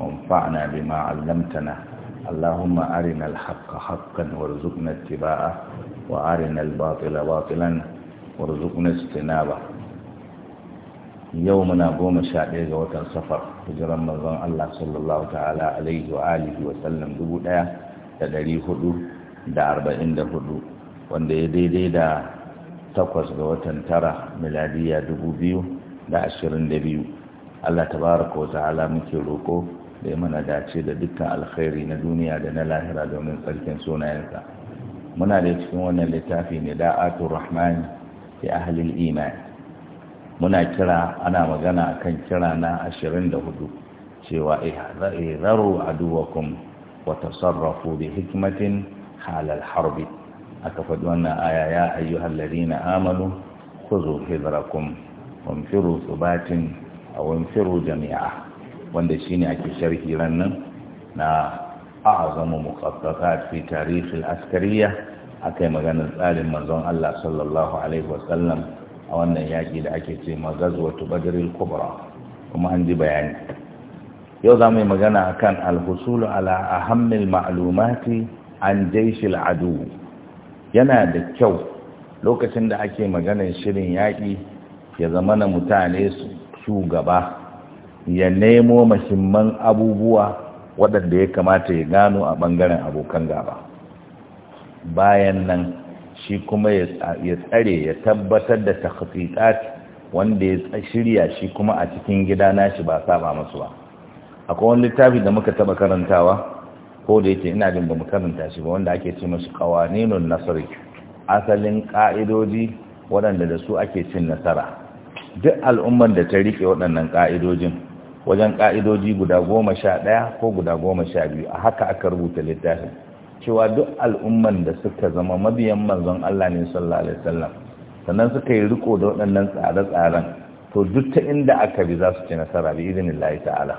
وانفعنا بما علمتنا اللهم أرنا الحق حقا وارزقنا اتباعه وأرنا الباطل باطلا وارزقنا اجتنابه يومنا قوم شاعر وتن سفر هجرا من الله صلى الله تعالى عليه وآله وسلم دبودا تدري هدو da arba'in da hudu wanda ya daidai da takwas ga watan tara miladiya dubu biyu da ashirin da biyu Allah tabaraka wa ta'ala muke roko da ya mana dace da dukkan alkhairi na duniya da na lahira domin tsarkin sunayensa muna da cikin wannan littafi ne da'atul rahman fi ahlil iman muna kira ana magana kan kira na 24 cewa ihzaru aduwakum wa tasarrafu bi hikmatin halal harbi aka faɗi wannan aya ya ayyuhal ladina amanu khudhu hidrakum wanfiru thubatin aw wanfiru jami'a wanda shine ake sharhi rannan na a'azamu muqaddasat fi tarikh al-askariyya akai maganar tsarin manzon Allah sallallahu alaihi wasallam a wannan yaki da ake ce magazwatu badr al-kubra kuma an ji bayani yau za mu yi magana akan al-husulu ala ahammil ma'lumati an jaishil adu yana da kyau lokacin da ake maganar shirin yaƙi ya zama na mutane su shugaba ya nemo mahimman abubuwa waɗanda ya kamata ya gano a ɓangaren abokan gaba bayan nan shi kuma ya tsare ya tabbatar da takhsitat wanda ya shirya shi kuma a cikin gida nashi ba saba masu ba akwai wani littafi da muka taba karantawa ko da yake ina jin ba mu karanta shi ba wanda ake ce masu kawaninun nasar asalin ka'idoji waɗanda da su ake cin nasara duk al'ummar da ta riƙe waɗannan ƙa'idojin. wajen ƙa'idoji guda goma sha ɗaya ko guda goma sha biyu a haka aka rubuta littafin cewa duk al'umman da suka zama mabiyan manzon Allah ne sallallahu alaihi wasallam sannan suka yi riko da waɗannan tsare-tsaren to duk ta inda aka bi za su ci nasara bi idinillahi ta'ala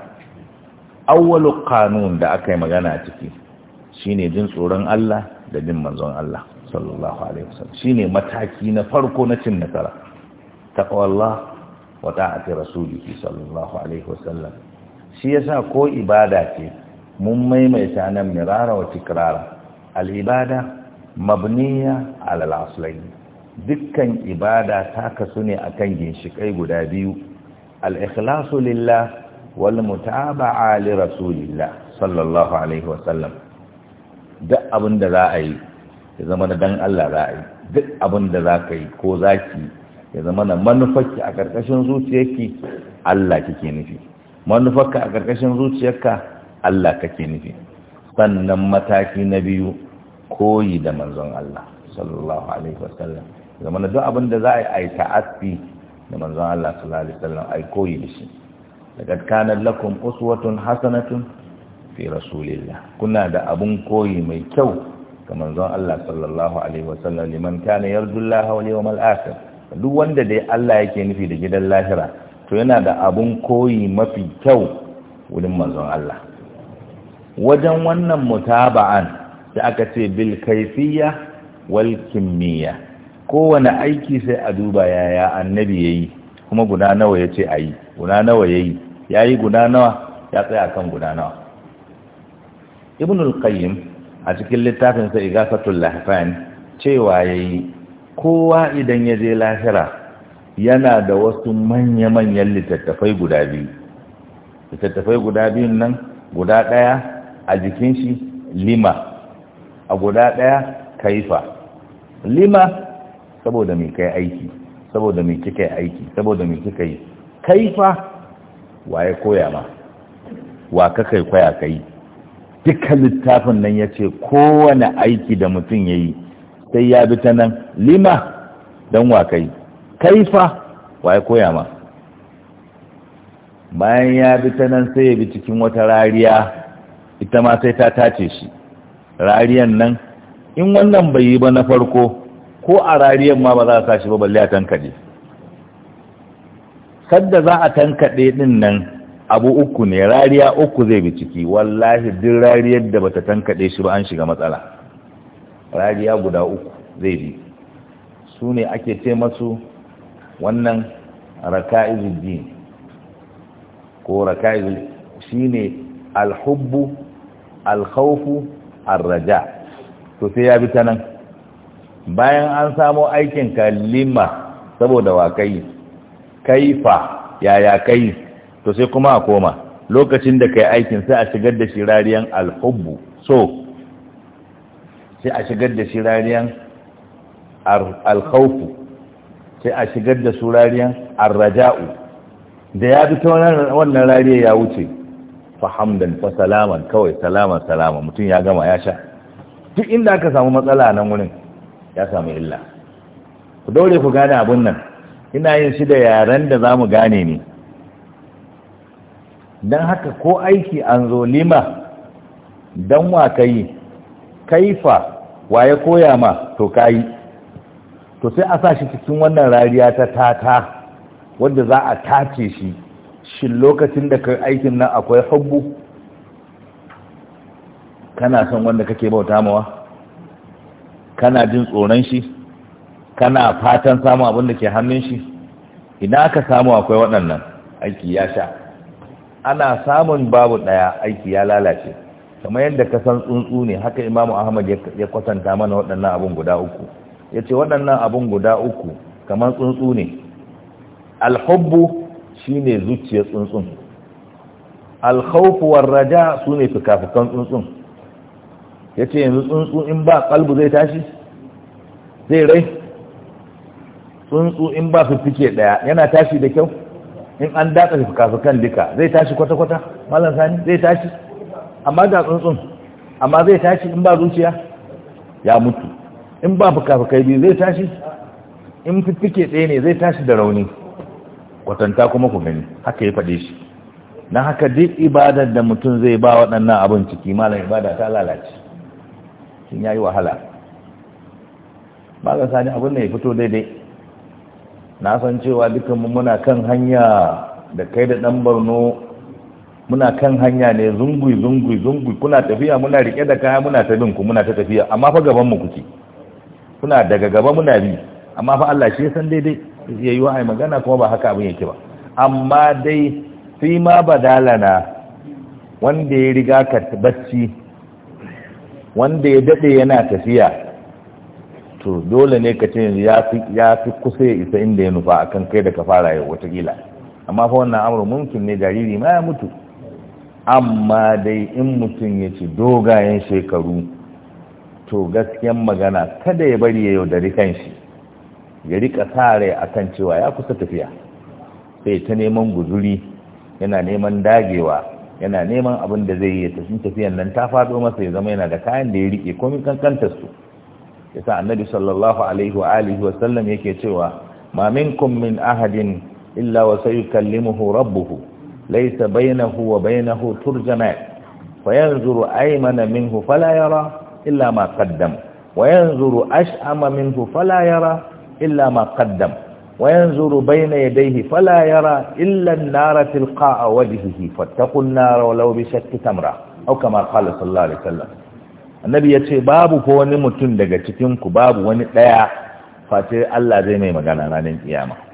awwalu qanun da aka yi magana a ciki shine jin tsoron Allah da bin manzon Allah sallallahu alaihi wasallam shine mataki na farko na cin nasara taqwallah wa ta'ati rasulihi sallallahu alaihi wasallam shi yasa ko ibada ce mun maimaita nan mirara wa tikrara al ibada mabniya ala al aslain dukkan ibada ta kasu ne akan ginshikai guda biyu al ikhlasu lillah wal mutaba'a li rasulillah sallallahu alaihi wasallam duk abin da za a yi ya zama da dan Allah za a yi duk abin da za ka yi ko za ki ya zama na manufarki a ƙarƙashin zuciyarki Allah kike nufi manufarka a ƙarƙashin zuciyarka Allah kake nufi sannan mataki na biyu koyi da manzon Allah sallallahu alaihi wasallam zama na duk abin da za a yi ta'assi da manzon Allah sallallahu alaihi wasallam ai koyi da shi laqad kana lakum uswatun hasanatun fi rasulillah kuna da abun koyi mai kyau ga manzon Allah sallallahu alaihi wasallam liman kana yarjullaha wal yawmal akhir duk wanda dai Allah yake nufi da gidan lahira to yana da abun koyi mafi kyau wurin manzon Allah wajen wannan mutaba'an da aka ce bil kaifiyya wal kimiyya kowane aiki sai a duba yaya annabi yayi kuma guda nawa yace ayi guda nawa yayi yayi guda nawa ya tsaya kan guda nawa ibnul qayyim a cikin littafin littafinsa igasatul lahfan cewa yayi kowa idan ya je lahira yana da wasu manya-manyan littattafai guda biyu littattafai guda biyun nan guda ɗaya a jikin shi lima a guda ɗaya kaifa lima saboda mai kai aiki saboda mai kika yi aiki saboda mai kika yi kaifa ya koya ma wa ka kai kwaya ka yi dukkan littafin nan ya ce kowane aiki da mutum ya yi sai ya bi ta nan lima don wa kai kaifa wa ya koya ma bayan ya bi ta nan sai ya bi cikin wata rariya ita ma sai ta tace shi rariyan nan in wannan bai yi ba na farko ko a rariyan ma ba za a sa shi ba balle a tankaɗe sadda za a tankaɗe ɗinnan nan abu uku ne rariya uku zai bi ciki wallahi duk rariyar da bata tankaɗe shi ba an shiga matsala rariya guda uku zai bi su ne ake ce masu wannan raka'izul din ko raka'izul shine alhubbu alkhawfu arraja to sai ya bi ta nan bayan an samo aikin kalima saboda wa kai kaifa yaya kai to sai kuma a koma lokacin da kai aikin sai a shigar da shi rariyan alhubbu so sai a shigar da shi rariyan alkhawfu sai a shigar da su rariyan arraja'u da ya bi wannan rariya ya wuce fa hamdan fa salaman kawai salaman salaman mutum ya gama ya sha duk inda aka samu matsala nan wurin ya samu illa ku daure ku gane abun nan ina yin shi da yaren da zamu gane ne don haka ko aiki an zo lima don wa ka kaifa Wa ya koya ma to kayi to sai a sa shi cikin wannan rariya ta tata wanda za a tace shi shi lokacin da kai aikin nan akwai hubbu kana son wanda kake bauta mawa kana jin tsoron shi kana fatan samu abin da ke hannun shi ina ka samu akwai waɗannan aiki ya sha ana samun babu ɗaya aiki ya lalace kamar yadda ka san tsuntsu ne haka imamu ahmad ya kwatanta mana waɗannan abun guda uku ya ce waɗannan abun guda uku kamar tsuntsu ne alhubbu shi ne zuciyar tsuntsun alhaufuwar raja su ne fukan tsuntsun ya ce yanzu tsuntsu in ba kalbu zai tashi zai rai tsuntsu in ba su fike ɗaya yana tashi da kyau in an datsa fukan duka zai tashi kwata-kwata malam sani zai tashi amma ga tsuntsun amma zai tashi in ba zuciya ya mutu in ba fuka-fukai biyu zai tashi in fiffike tsaye ne zai tashi da rauni kwatanta kuma ku gani haka ya faɗe shi na haka duk ibadar da mutum zai ba waɗannan abin ciki malam ibada ta lalace sun yayi wahala ba sani abin da ya fito daidai na san cewa dukanmu muna kan hanya da kai da ɗan barno muna kan hanya ne zungui zungui zungui kuna tafiya muna rike da kaya muna ta ku muna ta tafiya amma fa gaban mu kuke kuna daga gaba muna bi amma fa Allah shi ya san daidai ya yi wa'ai magana kuma ba haka abin yake ba amma dai fi ma badalana wanda ya riga ka bacci wanda ya dade yana tafiya to dole ne ka ce ya fi kusa ya isa inda ya nufa akan kai da ka fara yau watakila amma fa wannan amur mumkin ne jariri ma ya mutu amma dai in mutum ya ci dogayen shekaru to gaskiyan magana kada ya bari ya yaudari shi ya rika sa rai kan cewa ya kusa tafiya sai ta neman guzuri yana neman dagewa yana neman abin da zai yi tafi tafiyan nan ta faɗo masa ya zama yana da kayan da ya rike komin kankantar su yasa annabi sallallahu alaihi wa alihi wa sallam yake cewa ma minkum min ahadin illa wa sayukallimuhu rabbuhu ليس بينه وبينه ترجمات فينظر أيمن منه فلا يرى إلا ما قدم وينظر أشأم منه فلا يرى إلا ما قدم وينظر بين يديه فلا يرى إلا النار تلقاء وجهه فاتقوا النار ولو بشك تمرة أو كما قال صلى الله عليه وسلم النبي ya باب هو ko wani باب daga cikinku babu الله زي face Allah zai mai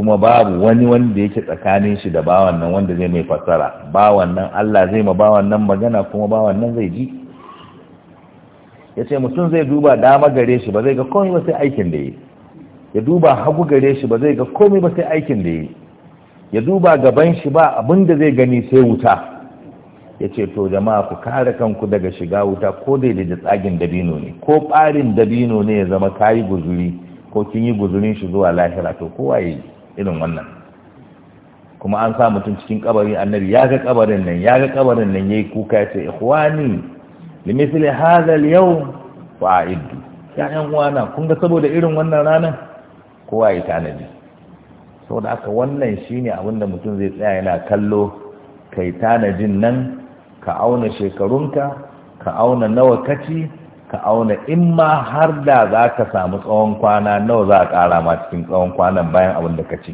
kuma babu wani wanda yake tsakanin shi da bawan nan wanda zai mai fassara bawan nan Allah zai ma bawan nan magana kuma bawan nan zai ji ya ce mutum zai duba dama gare shi ba zai ga komai ba sai aikin da yi ya duba hagu gare shi ba zai ga komai ba sai aikin da yi ya duba gaban shi ba abin da zai gani sai wuta ya ce to jama'a ku kare kanku daga shiga wuta ko daidai da tsagin dabino ne ko ɓarin dabino ne ya zama kayi guzuri ko kin yi guzurin shi zuwa lahira to kowa yi irin wannan kuma an sa mutum cikin kabari annabi ya ga kabarin nan ya ga kabarin nan yayi kuka ya ce ikhwani limithli hadha al-yawm aiddu ya yan uwana kun ga saboda irin wannan ranan kowa ya tanadi saboda aka wannan shine abin da mutum zai tsaya yana kallo kai tanadin nan ka auna shekarunka ka auna nawa kaci ka auna in ma har da za ka samu tsawon kwana nawa za a ƙara ma cikin tsawon kwanan bayan abin da ka ci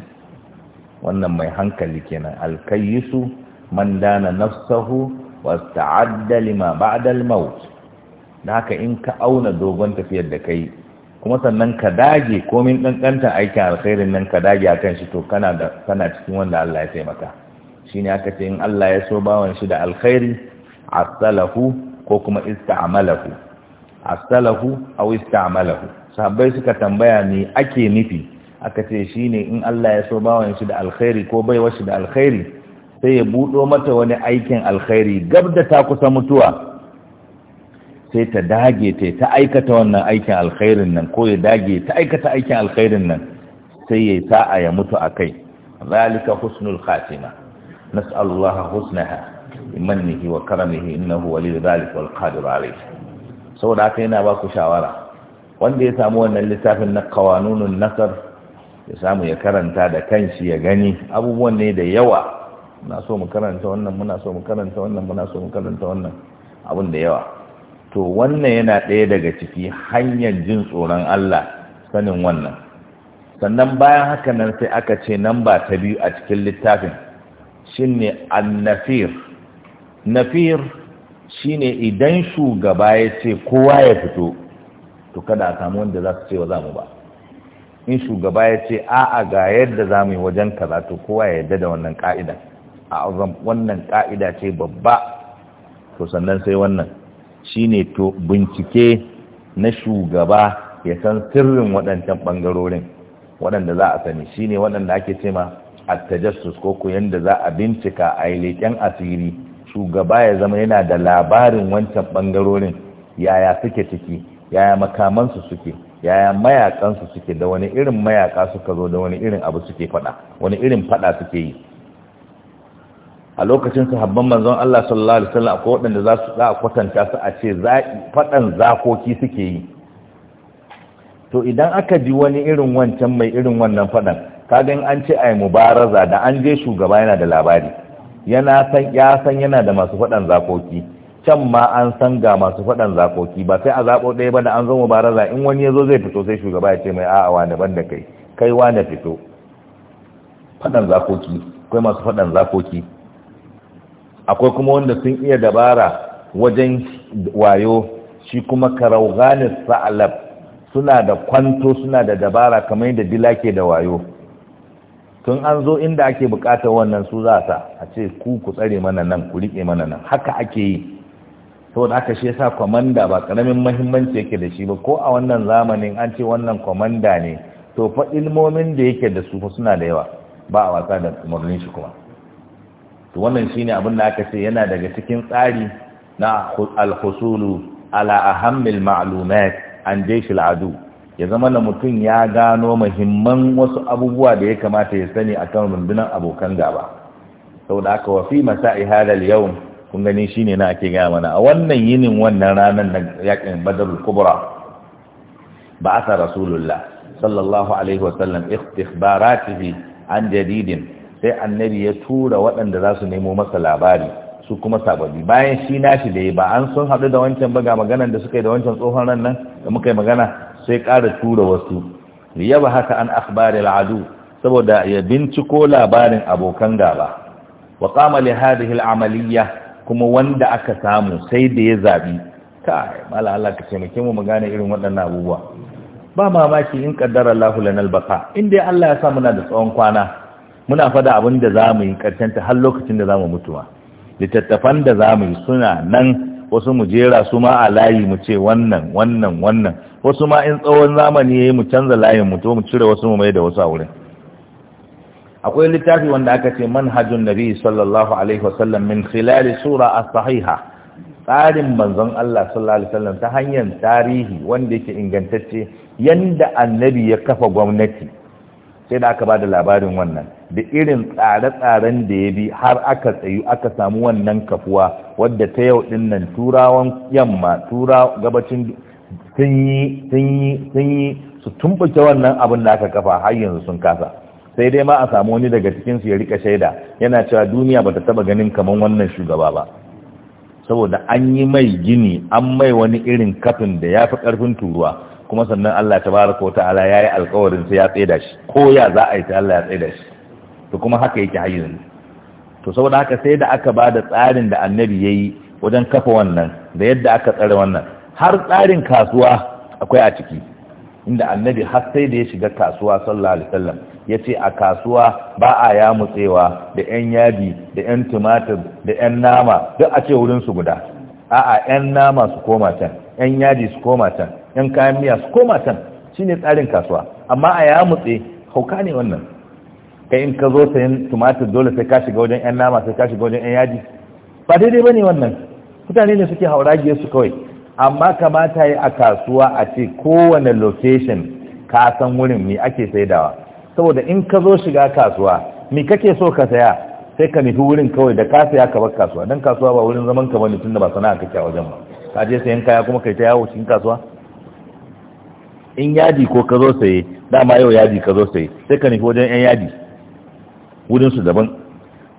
wannan mai hankali kenan alkayisu man dana nafsahu wa ta'adda lima ba'da da haka in ka auna dogon tafiyar da kai kuma sannan ka dage komin kankanta aikin alkhairin nan ka dage akan shi to kana da kana cikin wanda Allah ya taimaka shine aka ce in Allah ya so bawan shi da alkhairi asalahu ko kuma ista'malahu astalahu aw ista'malahu sahabbai suka tambaya me ake nufi aka ce shine in Allah ya so bawan shi da alkhairi ko bai washi da alkhairi sai ya budo mata wani aikin alkhairi gab da ta kusa mutuwa sai ta dage ta ta aikata wannan aikin alkhairin nan ko ya dage ta aikata aikin alkhairin nan sai ya sa'a ya mutu akai zalika husnul khatima nas'alullaha husnaha بمنه وكرمه إنه ولي ذلك والقادر عليه saboda haka yana ba ku shawara wanda ya samu wannan littafin na kawanunun nasar ya samu ya karanta da kanshi ya gani abubuwan ne da yawa muna so mu karanta wannan muna so mu karanta wannan muna so mu karanta wannan abun da yawa to wannan yana ɗaya daga ciki hanyar jin tsoron Allah sanin wannan sannan bayan haka nan sai aka ce nan ba ta biyu a cikin littafin shine annafir nafir shine idan shugaba ya ce kowa ya fito to kada a samu wanda za su ce wa za mu ba in shugaba ya ce a'a ga yadda za mu yi wajen kaza to kowa ya yadda da wannan ka'ida a wannan ka'ida ce babba to sannan sai wannan shine to bincike na shugaba ya san sirrin waɗancan ɓangarorin waɗanda za a sani shine waɗanda ake ce ma a tajassus ko ku yanda za a bincika a yi leƙen asiri shugaba ya zama yana da labarin wancan ɓangarorin yaya suke ciki yaya makamansu suke yaya mayakansu suke da wani irin mayaka suka zo da wani irin abu suke fada wani irin fada suke yi a lokacin sahabban manzon Allah sallallahu alaihi wasallam akwai waɗanda za su za kwatanta su a ce fadan zakoki suke yi to idan aka ji wani irin wancan mai irin wannan fadan kaga in an ce ai mubaraza da an je shugaba yana da labari ya san yana da masu faɗan zakoki can ma an san ga masu faɗan zakoki ba sai a zaɓo ɗaya ba da an zo baraza in wani ya zo zai fito sai shugaba ya ce mai a'a wa ban da kai kai wa na fito faɗan zakoki akwai masu faɗan zakoki akwai kuma wanda sun iya dabara wajen wayo shi kuma karauganis sa'alab suna da kwanto suna da dabara kamar yadda dila ke da wayo tun an zo inda ake bukatar wannan su za sa a ce ku ku tsare mana nan ku rike mana nan haka ake yi saboda aka shi yasa kwamanda ba karamin mahimmanci yake da shi ba ko a wannan zamanin an ce wannan kwamanda ne to fa ilmomin da yake da su fa suna da yawa ba a wasa da umarnin shi kuma to wannan shine abin da aka ce yana daga cikin tsari na al-husulu ala ahammil ma'lumat an jaysh al-adu ya zama na mutum ya gano muhimman wasu abubuwa da ya kamata ya sani akan rundunar abokan gaba da aka wafi masa ihalar yau kun gani shine na ake gaya mana a wannan yinin wannan ranar na yakin badar kubra ba asa rasulullah sallallahu alaihi wasallam ikhbaratihi an jadidin sai annabi ya tura waɗanda za su nemo masa labari su kuma sababbi bayan shi nashi da ba an sun haɗu da wancan ba ga maganan da suka yi da wancan tsohon ran nan da muka yi magana sai ƙara tura wasu yaba haka an akhbari al'adu saboda ya binciko labarin abokan gaba wa qama li hadhihi al'amaliyya kuma wanda aka samu sai da ya zabi kai mala Allah ka taimake mu mu gane irin waɗannan abubuwa ba mamaki in qaddara Allahu lana al-baqa Allah ya sa muna da tsawon kwana muna fada abin da zamu yi karkanta har lokacin da zamu mutuwa littattafan da zamu yi suna nan wasu mu jera su ma a layi mu ce wannan wannan wannan wasu ma in tsawon zamani ya yi mu canza layin mu to mu cire wasu mu mai da wasu a wurin akwai littafi wanda aka ce manhajun nabi sallallahu alaihi wasallam min khilali sura as-sahiha tsarin manzon Allah sallallahu alaihi wasallam ta hanyar tarihi wanda yake ingantacce yanda annabi ya kafa gwamnati sai da aka ba da labarin wannan da irin tsare-tsaren da ya bi har aka tsayu aka samu wannan kafuwa wadda ta yau din nan turawan yamma tura gabacin sun yi sun yi sun su tumbuke wannan abin da aka kafa har yanzu sun kasa sai dai ma a samu wani daga cikin su ya rika shaida yana cewa duniya bata taba ganin kamar wannan shugaba ba saboda an yi mai gini an mai wani irin kafin da ya fi karfin turuwa kuma sannan Allah tabaraka wa ta'ala ya yi alkawarin sai ya tsaida shi ko ya za a yi ta Allah ya tsaida shi to kuma haka yake har yanzu to saboda haka sai da aka ba da tsarin da annabi ya yi wajen kafa wannan da yadda aka tsare wannan har tsarin kasuwa akwai a ciki inda annabi har sai da ya shiga kasuwa sallallahu alaihi wasallam ya ce a kasuwa ba a ya mutsewa da 'yan yadi da 'yan tumatir da 'yan nama duk a ce wurinsu guda a'a 'yan nama su koma can 'yan yadi su koma can 'yan kayan miya su koma can shine tsarin kasuwa amma a ya mutse hauka ne wannan kai in ka zo sayan tumatir dole sai ka shiga wajen 'yan nama sai ka shiga wajen 'yan yadi ba daidai ba ne wannan mutane ne suke hauragiyar su kawai amma kamata yi a kasuwa a ce kowane location ka san wurin me ake saidawa saboda in ka zo shiga kasuwa me kake so ka saya sai ka nufi wurin kawai da ka saya ka bar kasuwa don kasuwa ba wurin zaman ka bane tunda ba sana'a ka a wajen ba ka je sayan kaya kuma kai ta yawo cikin kasuwa in yadi ko ka zo saye dama yau yadi ka zo saye sai ka nufi wajen yan yadi wurin su daban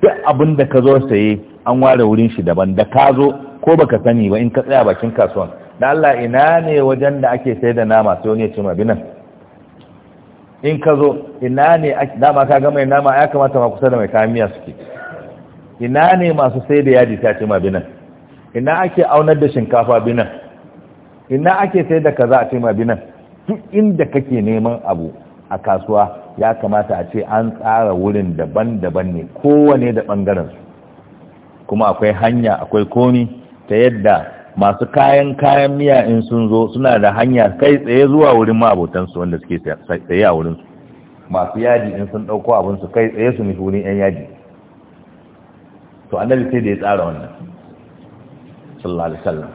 duk abin da ka zo saye an ware wurin shi daban da ka zo ko baka sani ba in ka tsaya bakin kasuwan da Allah ina ne wajen da ake sai da nama sai wani ya ce mabi nan in ka zo ina ne dama ka ga mai nama ya kamata ma kusa da mai kayan miya suke ina ne masu sai da yaji ta ce mabi nan ina ake aunar da shinkafa bi nan ina ake sai da kaza a ce mabi nan duk inda kake neman abu a kasuwa ya kamata a ce an tsara wurin daban-daban ne kowane da ɓangaren kuma akwai hanya akwai komi ta yadda masu kayan kayan miya in sun zo suna da hanya kai tsaye zuwa wurin ma'abotansu wanda suke tsaye a wurinsu masu yadi in sun ɗauko abinsu kai tsaye su nufi wurin 'yan yadi to annabi sai da ya tsara wannan sallallahu alaihi wasallam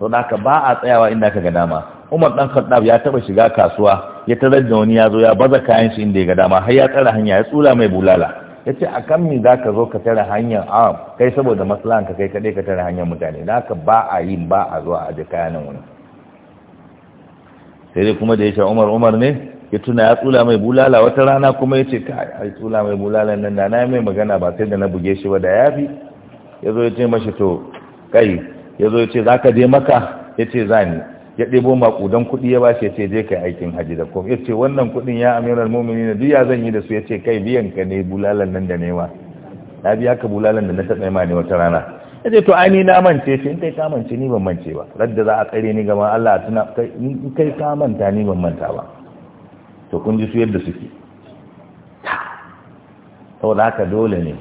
to da ka ba a tsayawa inda ka ga dama Umar dan Khattab ya taba shiga kasuwa ya tarar da wani ya zo ya baza kayan shi inda ya ga dama har ya tsara hanya ya tsula mai bulala ya ce a kan mi za ka zo ka tara hanyar a kai saboda matsalan ka kai kaɗai ka tara hanyar mutane da haka ba a yi ba a zo a aje kayanan wani sai dai kuma da ya ce umar umar ne ya tuna ya tsula mai bulala wata rana kuma ya ce kai ai tsula mai bulala nan da na mai magana ba sai da na buge shi ba da ya fi. ya zo ya ce mashi to kai ya zo ya ce za ka je maka ya ce za ni ya ɗebo maƙudan kuɗi ya bashi ya ce je kai aikin haji da kuma ya ce wannan kuɗin ya amiral mumini na duk ya zan yi da su ya ce kai biyan ka ne bulalan nan da nema na biya ka bulalan da na taɓa ma ne wata rana ya ce to ai ni na mance shi in kai ka mance ni ban mance ba radda za a tsare ni gama Allah tuna in kai ka manta ni ban manta ba to kun ji su yadda suke saboda haka dole ne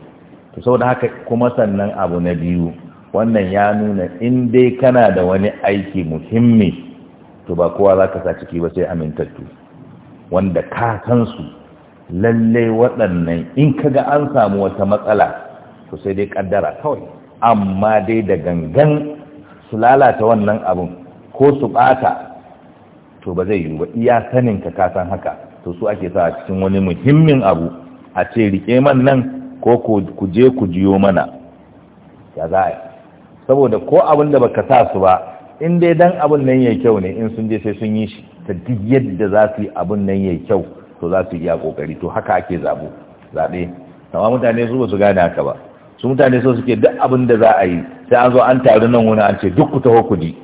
to saboda haka kuma sannan abu na biyu wannan ya nuna in dai kana da wani aiki muhimmi to ba kowa za ka sa ciki ba sai amintattu wanda ka san su lalle waɗannan in ka ga an samu wata matsala to sai dai kaddara kawai amma dai da gangan su lalata wannan abin ko su ɓata to ba zai yi ba iya sanin ka san haka to su ake sa cikin wani muhimmin abu a ce rike man nan ko ku je ku jiyo mana ya za a yi saboda ko abin da ka sa su ba in dai dan abun nan yayi kyau ne in sun je sai sun yi shi ta duk yadda za su yi abun nan yayi kyau to za su iya kokari to haka ake zabo zabe amma mutane su ba su gane haka ba su mutane so suke duk abun da za a yi sai an zo an taru nan wani an ce duk ku taho ku ji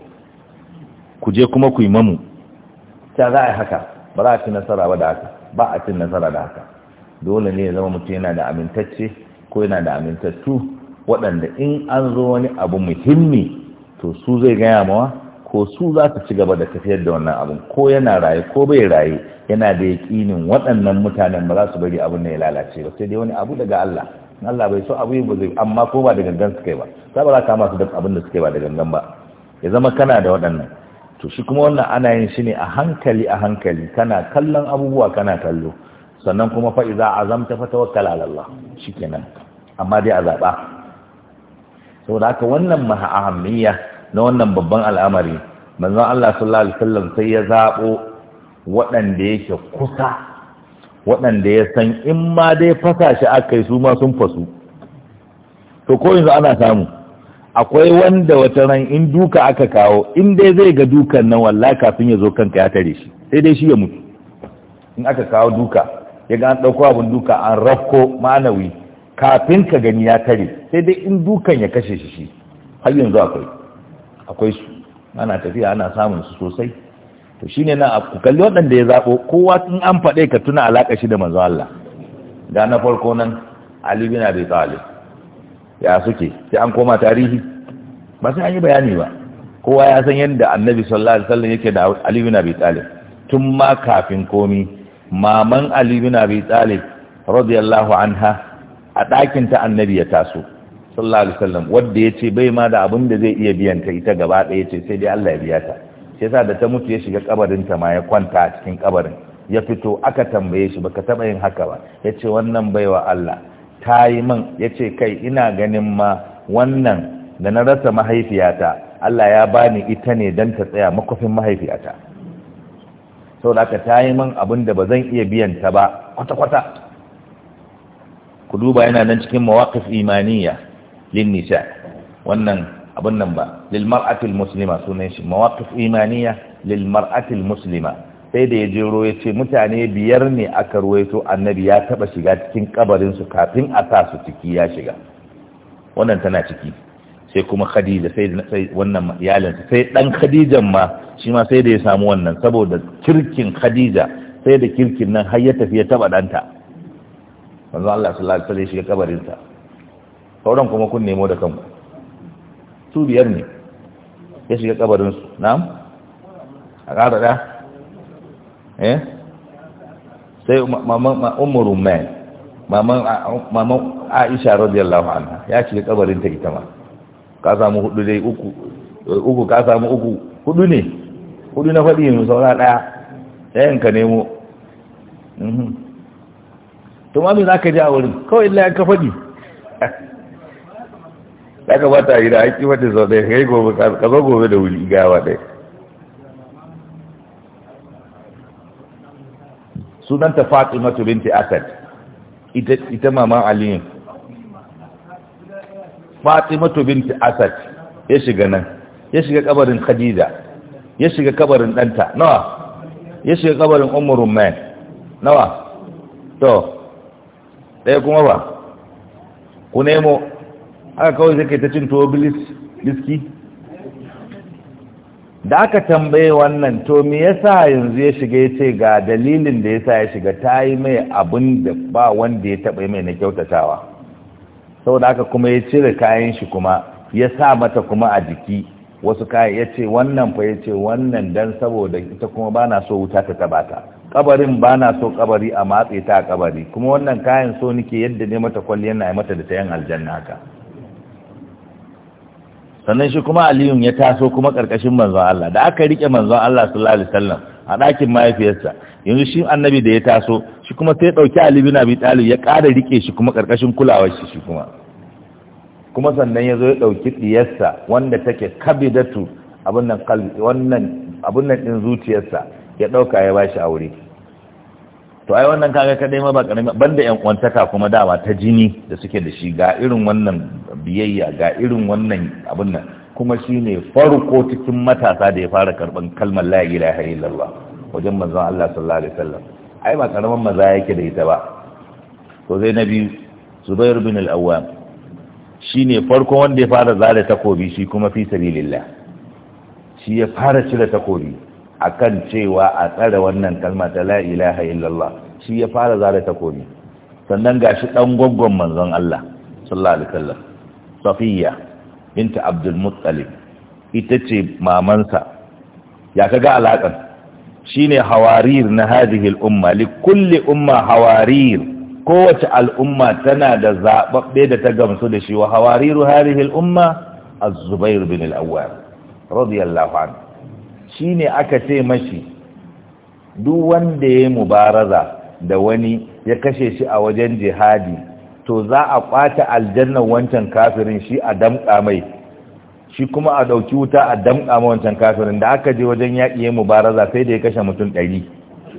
ku je kuma ku yi mamu ta za a yi haka ba za a ci nasara ba da haka ba a cin nasara da haka dole ne ya zama mutum yana da amintacce ko yana da amintattu waɗanda in an zo wani abu muhimmi to su zai gaya mawa ko su za su ci gaba da tafiyar da wannan abin ko yana raye ko bai raye yana da yaƙinin waɗannan mutanen ba za su bari abin da ya lalace ba sai dai wani abu daga Allah Allah bai so abu ba zai amma ko ba da gangan suka yi ba za ba za ka masu da abin da suka yi ba da gangan ba ya zama kana da waɗannan to shi kuma wannan ana yin shi ne a hankali a hankali kana kallon abubuwa kana kallo sannan kuma fa iza azamta fa tawakkala ala Allah shikenan amma dai a zaba saboda haka wannan maha na wannan babban al'amari manzon Allah sallallahu alaihi wasallam sai ya zabo waɗanda yake kusa waɗanda ya san in ma dai fasa shi akai su ma sun fasu to ko yanzu ana samu akwai wanda wata ran in duka aka kawo in dai zai ga dukan nan wallahi kafin ya zo kanka ya tare shi sai dai shi ya mutu in aka kawo duka ya ga an ɗauko abin duka an rafko ma'anawi kafin ka gani ya tare sai dai in dukan ya kashe shi shi har yanzu akwai akwai su ana tafiya ana samun su sosai to shine na ku kalli waɗanda ya zaɓo kowa tun an faɗe ka tuna alaƙa shi da manzo Allah da na farko nan Ali bin Abi Talib ya suke sai an koma tarihi ba sai an yi bayani ba kowa ya san yadda Annabi sallallahu alaihi wasallam yake da Ali bin Abi Talib tun ma kafin komi maman Ali bin Abi Talib radiyallahu anha a ɗakin ta Annabi ya taso sallallahu alaihi wasallam wanda yace bai ma da abin da zai iya biyan ta ita gaba ɗaya yace sai dai Allah ya biya ta sai yasa da ta mutu ya shiga kabarin ta ma ya kwanta a cikin kabarin ya fito aka tambaye shi baka taba yin haka ba yace wannan baiwa Allah ta yi min yace kai ina ganin ma wannan da na rasa mahaifiyata Allah ya bani ita ne dan ta tsaya makofin mahaifiyata saboda aka ta yi min abin da ba zan iya biyan ta ba kwata-kwata ku duba yana nan cikin mawaƙif imaniya linnisa wannan abin nan ba lil mar'atil muslima sunan shi mawaqif imaniya lil mar'atil muslima sai da ya je ya ce mutane biyar ne aka ruwaito annabi ya taba shiga cikin kabarin su kafin a sa su ciki ya shiga wannan tana ciki sai kuma khadija sai wannan iyalin sai dan khadijan ma shi ma sai da ya samu wannan saboda kirkin khadija sai da kirkin nan har ya tafi ya taba danta manzo Allah sallallahu alaihi wasallam shiga kabarin sa sauran kuma kun nemo da kanku su biyar ne ya shiga kabarinsu na'am a ƙara da? eh sai umar rumman maman aisha radiyallahu anha ya shiga kabarin ta ita ma ka samu hudu dai uku eh, uku ka samu uku hudu ne hudu na faɗi yanzu saura ɗaya ɗayan ka nemo mhm. tumami za ka ji a wurin kawai illa ya ka faɗi ya kamata a yi da haƙi ƙi mata sau ɗaya kai gobe ka zo gobe da wuri gawa ɗaya sunanta fatima binti asad ita mama aliyu fatima binti asad ya shiga nan ya shiga kabarin khadija ya shiga kabarin ɗanta nawa ya shiga kabarin umarun mai nawa to ɗaya kuma ba ku nemo aka kawai zai kai ta cin tuwo biski da aka tambaye wannan to me yasa yanzu ya shiga ya ce ga dalilin da yasa ya shiga ta yi mai abin da ba wanda ya taɓa mai na kyautatawa saboda haka kuma ya cire kayan shi kuma ya sa mata kuma a jiki wasu kayan ya ce wannan fa ya ce wannan dan saboda ita kuma ba na so wuta ta taba ta kabarin ba na so kabari a matse ta a kabari kuma wannan kayan so nike yadda ne mata kwalliya na mata da ta yin aljanna haka sannan shi kuma aliyun ya taso kuma karkashin manzon Allah da aka rike manzon Allah sallallahu alaihi wasallam a ɗakin mahaifiyarsa yanzu shi annabi da ya taso shi kuma sai ɗauki Ali bin Abi Talib ya ƙara rike shi kuma karkashin kulawar shi shi kuma kuma sannan ya zo ya ɗauki ɗiyarsa wanda take kabidatu abin nan abin nan ɗin zuciyarsa ya ɗauka ya bashi aure to ai wannan kaga kadai ma ba karami banda yan kwantaka kuma dama ta jini da suke da shi ga irin wannan biyayya ga irin wannan abun nan kuma shine farko cikin matasa da ya fara karban kalmar la ilaha illallah wajen manzon Allah sallallahu alaihi wasallam ai ba karaman maza yake da ita ba to zainabi Zubairu Zubair bin al-Awwam shine farko wanda ya fara zare takobi shi kuma fi sabilillah shi ya fara cire takobi akan cewa a tsare wannan kalma ta la ilaha illallah shi ya fara zara komi sannan gashi dan gwaggon manzon Allah sallallahu alaihi wasallam Safiya binta Abdul Muttalib ita ce mamansa ya kaga alaƙar shine hawarir na hadhihi al-umma li kulli umma hawarir kowace al'umma tana da zababbe da ta gamsu da shi wa hawariru hadhihi al-umma az-zubair bin al-awwal radiyallahu anhu shine aka ce mashi duk wanda ya mubaraza da wani ya kashe shi a wajen jihadi to za a kwata aljannan wancan kafirin shi a damƙa mai shi kuma a ɗauki wuta a damƙa mai wancan kafirin da aka je wajen yaƙi ya mubaraza sai da ya kashe mutum ɗari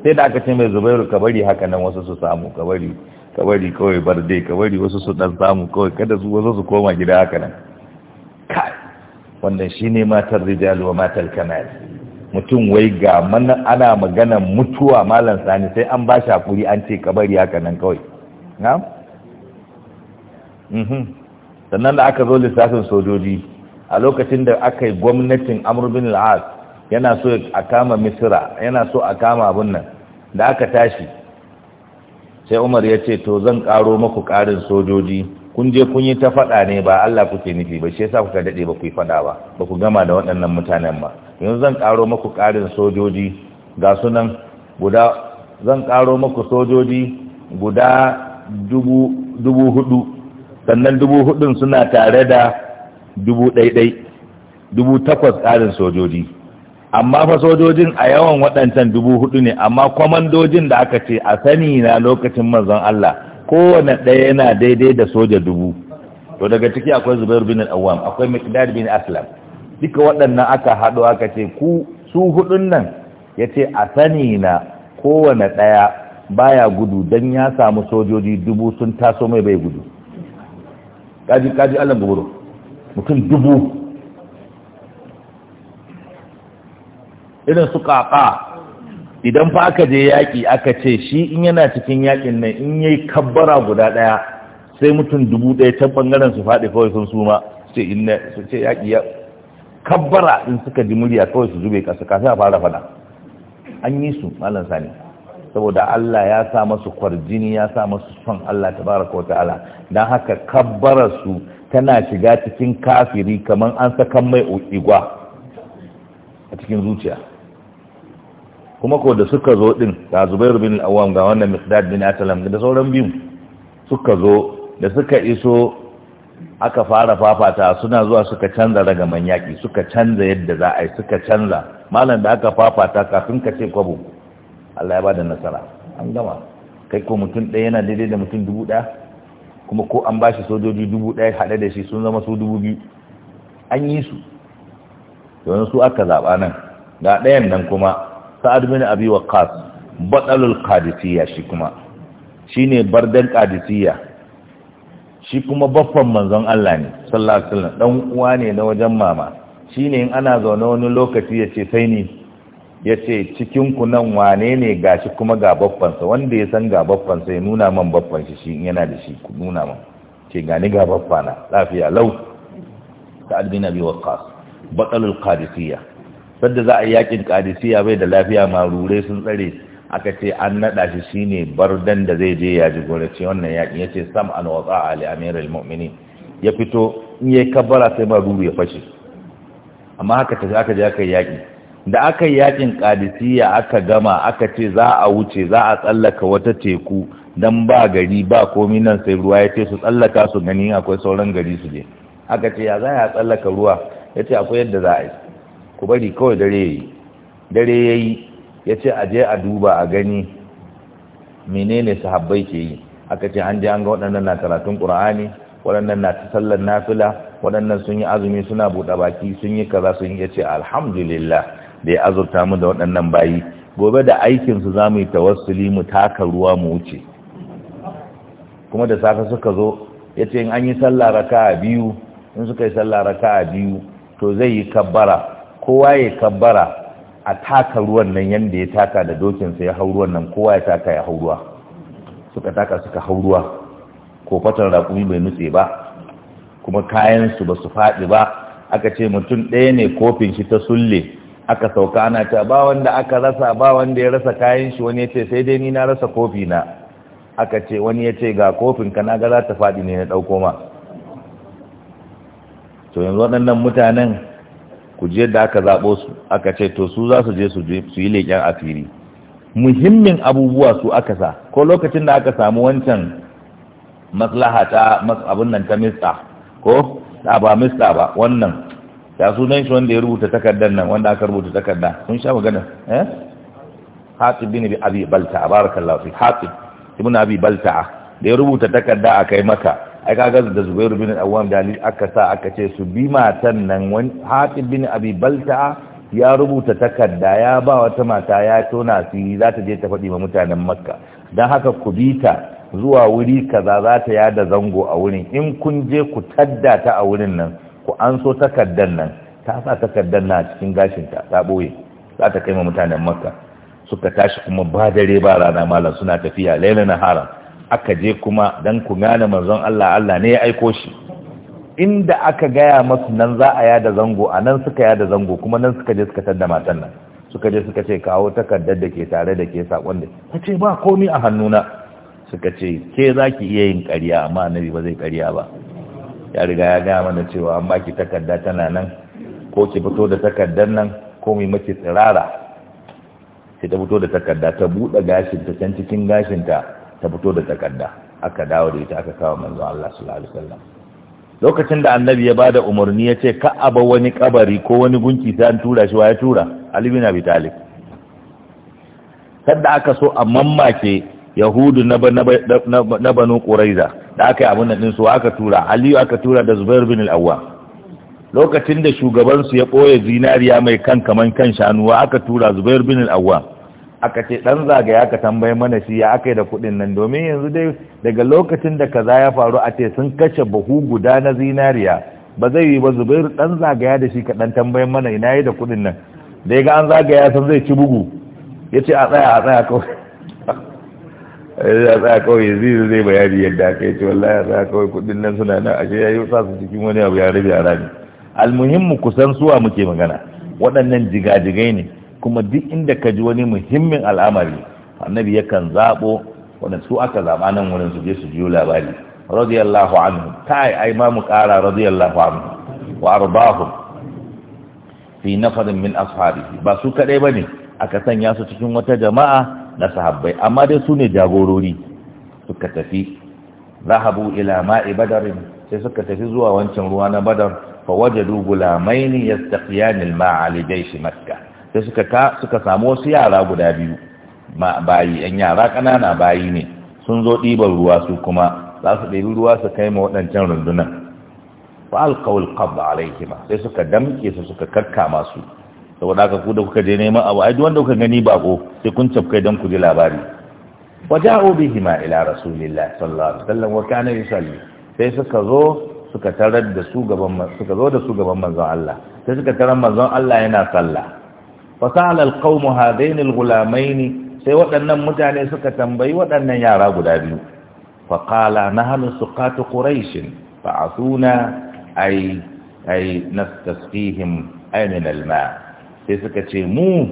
sai da aka ce mai zubairu kabari haka nan wasu su samu kabari kabari kawai bar dai kabari wasu su ɗan samu kawai kada su wasu su koma gida haka nan kai wannan shine matar rijal wa matar kanali mutum wai ga mana ana magana mutuwa malam sani sai an ba shafuri an ce kabari haka nan kawai na? Mhm. sannan da aka zo lissafin sojoji a lokacin da aka yi gwamnatin amurbin al'ad yana so a kama misira yana so a kama abin nan da aka tashi sai umar ya ce to zan karo maku karin sojoji kun je kun yi ta faɗa ne ba Allah kuke nufi ba shi yasa kuka daɗe ba ku yi faɗa ba ba ku gama da waɗannan mutanen ba yanzu zan ƙaro maku ƙarin sojoji ga sunan guda zan ƙaro maku sojoji guda dubu hudu sannan dubu hudun suna tare da dubu ɗaiɗai dubu takwas ƙarin sojoji amma fa sojojin a yawan waɗancan dubu hudu ne amma kwamandojin da aka ce a sani na lokacin manzon Allah kowane ɗaya yana daidai da soja dubu to daga ciki akwai zubair bin al akwai miqdad bin aslam duka waɗannan aka haɗo aka ce ku su hudun nan yace a sani na kowane ɗaya baya gudu dan ya samu sojoji dubu sun taso mai bai gudu kaji kaji Allah guburu mutum dubu irin su ƙaƙa idan fa aka je yaƙi aka ce shi in yana cikin yaƙin nan in yayi kabbara guda ɗaya sai mutum dubu ɗaya ta ɓangaren su faɗi kawai sun suma ce inna su ce yaƙi ya kabbara in suka ji murya kawai su zube kasu kafin a fara faɗa an yi su malam sani saboda Allah ya sa masu kwarjini ya sa masu son Allah ta bara ta ala dan haka kabbarar su tana shiga cikin kafiri kamar an sakan mai igwa a cikin zuciya kuma ko da suka zo din ga Zubair bin Awwam ga wannan Miqdad bin Atalam da sauran biyu suka zo da suka iso aka fara fafata suna zuwa suka canza daga manyaki suka canza yadda za a yi suka canza malam da aka fafata kafin ka ce kwabo Allah ya ba da nasara an gama kai ko mutum ɗaya yana daidai da mutum dubu ɗaya kuma ko an ba shi sojoji dubu ɗaya haɗe da shi sun zama su dubu biyu an yi su domin su aka zaɓa nan ga ɗayan nan kuma sa'ad bin abi waqas baɗalul ƙadisiyya shi kuma shi ne bardan ƙadisiyya shi kuma baffan manzon Allah ne sallallahu ɗan uwa ne na wajen mama shi ne in ana zaune wani lokaci ya ce sai ni ya ce cikinku nan wane ne gashi kuma ga baffansa wanda ya san ga baffansa ya nuna man baffan shi shi yana da shi ku nuna man ce gani ga baffana lafiya lau sa'ad albina biyu wakas batalul qadisiyya sadda za a yi yakin kadisiya bai da lafiya rure sun tsare aka ce an naɗa shi shine bardan da zai je ya ji jagoranci wannan yakin ce sam an watsa a ali al-mu'mini ya fito in yayi kabbara sai maruru ya fashe amma haka ta aka je aka yi yaki da aka yi yakin kadisiya aka gama aka ce za a wuce za a tsallaka wata teku dan ba gari ba komi nan sai ruwa ya ce su tsallaka su gani akwai sauran gari su je aka ce ya za a tsallaka ruwa ya ce akwai yadda za a yi ku bari kawai dare yayi dare yayi ya ce aje a duba a gani menene sahabbai ke yi aka ce an je an ga waɗannan na karatun ƙur'ani, waɗannan na ta sallar nafila waɗannan sun yi azumi suna buɗe baki sun yi kaza sun yi ya ce alhamdulillah da ya azurta mu da waɗannan bayi gobe da aikin su mu yi tawassuli mu taka ruwa mu wuce kuma da safe suka zo yace in an yi sallah raka'a biyu in suka yi sallah raka'a biyu to zai yi kabbara kowa ya kabbara a taka ruwan nan yadda ya taka da dokinsa ya hau ruwan nan kowa ya taka ya hau ruwa suka taka suka hau ruwa ko fatan raƙumi bai nutse ba kuma kayansu ba su faɗi ba aka ce mutum ɗaya ne kofin shi ta sulle aka sauka ana ta ba wanda aka rasa ba wanda ya rasa kayan shi wani ya ce sai dai ni na rasa kofi na aka ce wani ya ce ga kofin ka na ga za ta faɗi ne na ɗauko ma to yanzu waɗannan mutanen ku je da aka zaɓo su aka ce to su za su je su yi leƙen asiri muhimmin abubuwa su aka sa ko lokacin da aka samu wancan maslaha ta abin nan ta mista ko ta ba mista ba wannan ya sunan shi wanda ya rubuta takardar nan wanda aka rubuta takarda kun sha magana eh hatib bin abi balta barakallahu fi hatib ibn abi balta da ya rubuta takarda a kai maka ai kaga da Zubair bin Awwam da aka sa aka ce su bi matan nan wani Hatib bin Abi Balta ya rubuta takarda ya ba wata mata ya tona su za ta je ta faɗi ma mutanen Makka dan haka ku bi ta zuwa wuri kaza za ta yada zango a wurin in kun je ku tadda ta a wurin nan ku an so takardar nan ta sa takardar na cikin gashinta ta boye za ta kai ma mutanen Makka suka tashi kuma ba dare ba rana malam suna tafiya laila haram aka je kuma dan ku gane manzon Allah Allah ne ya aiko shi inda aka gaya masu nan za a yada zango a nan suka yada zango kuma nan suka je suka tadda matan nan suka je suka ce kawo takardar da ke tare da ke sakon da ta ce ba komi a hannuna suka ce ke zaki iya yin ƙarya amma annabi ba zai ƙarya ba ya riga ya gaya mana cewa an baki takarda tana nan ko ki fito da takardar nan ko mai mace tsirara Ki ta fito da takarda ta buɗe gashinta can cikin gashinta ta fito da takarda aka dawo da ita aka kawo manzo Allah sallallahu alaihi wasallam lokacin da annabi ya bada umarni ya ce ka aba wani kabari ko wani gunki sai an tura shi wa ya tura Ali bin Abi Talib sadda aka so a mace Yahudu na na Banu Quraiza da aka yi abin nan su aka tura Ali aka tura da Zubair bin al-Awwam lokacin da shugaban su ya boye zinariya mai kan kaman kan shanuwa aka tura Zubair bin al-Awwam aka ce dan zagaya ka tambayi mana shi ya aka yi da kuɗin nan domin yanzu dai daga lokacin da kaza ya faru a ce sun kashe buhu guda na zinariya ba zai yi ba zubairu dan zagaya da shi ka dan tambayi mana ina yi da kuɗin nan da ya ga an zagaya san zai ci bugu ya ce a tsaya a tsaya kawai eh, a tsaya kawai zai zai bayani yadda aka yi ce wallahi ya tsaya kawai kuɗin nan suna nan ashe ya yi sa su cikin wani abu ya rabe a rami almuhimmu kusan suwa muke magana waɗannan jigajigai ne kuma duk inda ka ji wani muhimmin al'amari annabi yakan zaɓo wanda su aka zaɓa nan wurin su je su jiyo labari radiyallahu anhu ta ai ai ma mu ƙara radiyallahu anhu wa arbahum fi nafarin min ashabihi ba su kaɗai ba ne aka sanya su cikin wata jama'a na sahabbai amma dai su ne jagorori suka tafi zahabu ila ma'i badarin sai suka tafi zuwa wancan ruwa na badar fa wajadu gulamaini yastaqiyanil sai suka samu wasu yara guda biyu bayi yan yara ƙanana bayi ne sun zo ɗiban ruwa su kuma za su ɗari ruwa su kai ma waɗancan rundunan ƙabba a qabla alaihima sai suka damke su suka karka su saboda haka ku da kuka je neman abu ai duk wanda kuka gani bako sai kun cafkai don ku ji labari bihi ma ila rasulillah sallallahu alaihi wasallam wa kana yusalli sai suka zo suka tarar da su gaban suka zo da su gaban manzon Allah sai suka tarar manzon Allah yana sallah fasal alqawmu hadain alghulamain sai waɗannan mutane suka tambayi waɗannan yara guda biyu faqala nahnu suqat quraish fa'athuna ay ay nastasqihim ay min alma sai suka ce mu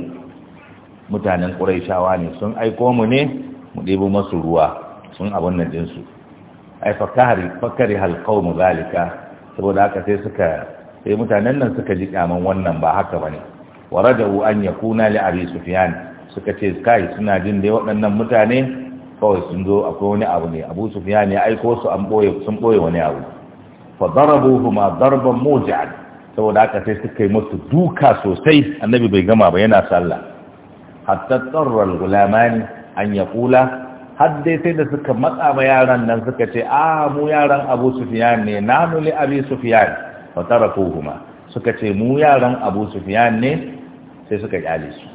mutanen quraishawa ne sun aiko mu ne mu ɗebo masu ruwa sun abun nan din su ai fakari fakari halqawmu zalika saboda haka sai suka sai mutanen nan suka ji kyaman wannan ba haka bane wa rajau an yakuna li abi sufyan suka ce kai suna jin dai waɗannan mutane kawai sun zo akwai wani abu ne abu sufyan ya aiko su an boye sun boye wani abu fa ma darban muji'an saboda haka sai suka yi musu duka sosai annabi bai gama ba yana sallah hatta tsarra al-gulamani an yaqula har dai sai da suka matsa ba yaran nan suka ce a mu yaran abu sufyan ne nanu li abi fa tarakuhuma suka ce mu yaran abu sufiyan ne sai suka kyale su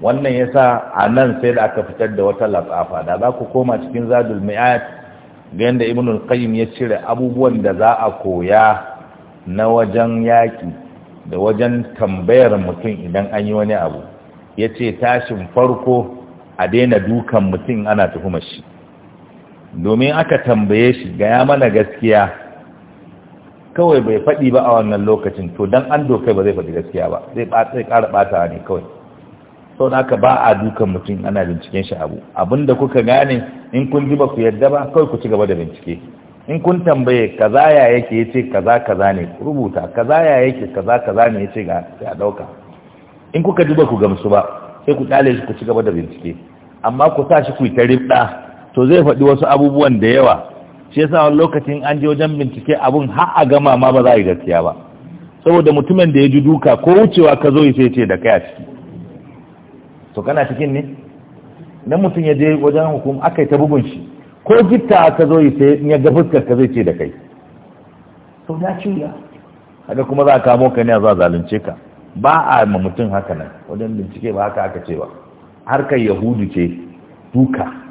wannan yasa a nan sai da aka fitar da wata latsafa da za ku koma cikin zadul mi'at ga yanda ibn al-qayyim ya cire abubuwan da za a koya na wajen yaƙi da wajen tambayar mutum idan an yi wani abu ya ce tashin farko a daina dukan mutum ana tuhumar shi domin aka tambaye shi gaya mana gaskiya kawai bai faɗi ba a wannan lokacin to don an dokai ba zai faɗi gaskiya ba zai ƙara ɓata ne kawai sau da aka ba a dukan mutum ana binciken shi abu abinda kuka gane in kun ji ba ku yadda ba kawai ku ci gaba da bincike in kun tambaye kaza ya yake ya ce kaza kaza ne rubuta kaza ya yake kaza kaza ne ya ce ga ya dauka in kuka ji ba ku gamsu ba sai ku dale shi ku ci gaba da bincike amma ku sa shi ku yi ta ribɗa, to zai faɗi wasu abubuwan da yawa shi yasa wani lokacin an je wajen bincike abun har a gama ma ba za a yi gaskiya ba saboda mutumin da ya ji duka ko wucewa ka zo sai ce da kai a ciki to kana cikin ne idan mutum ya je wajen hukuma aka yi ta bugun shi ko gitta ka zo sai in ya ga fuskar ka zai ce da kai to ci ya. haka kuma za a kamo ka ne a za a zalunce ka ba a ma mutum haka nan wajen bincike ba haka aka ce ba. harkar yahudu ce duka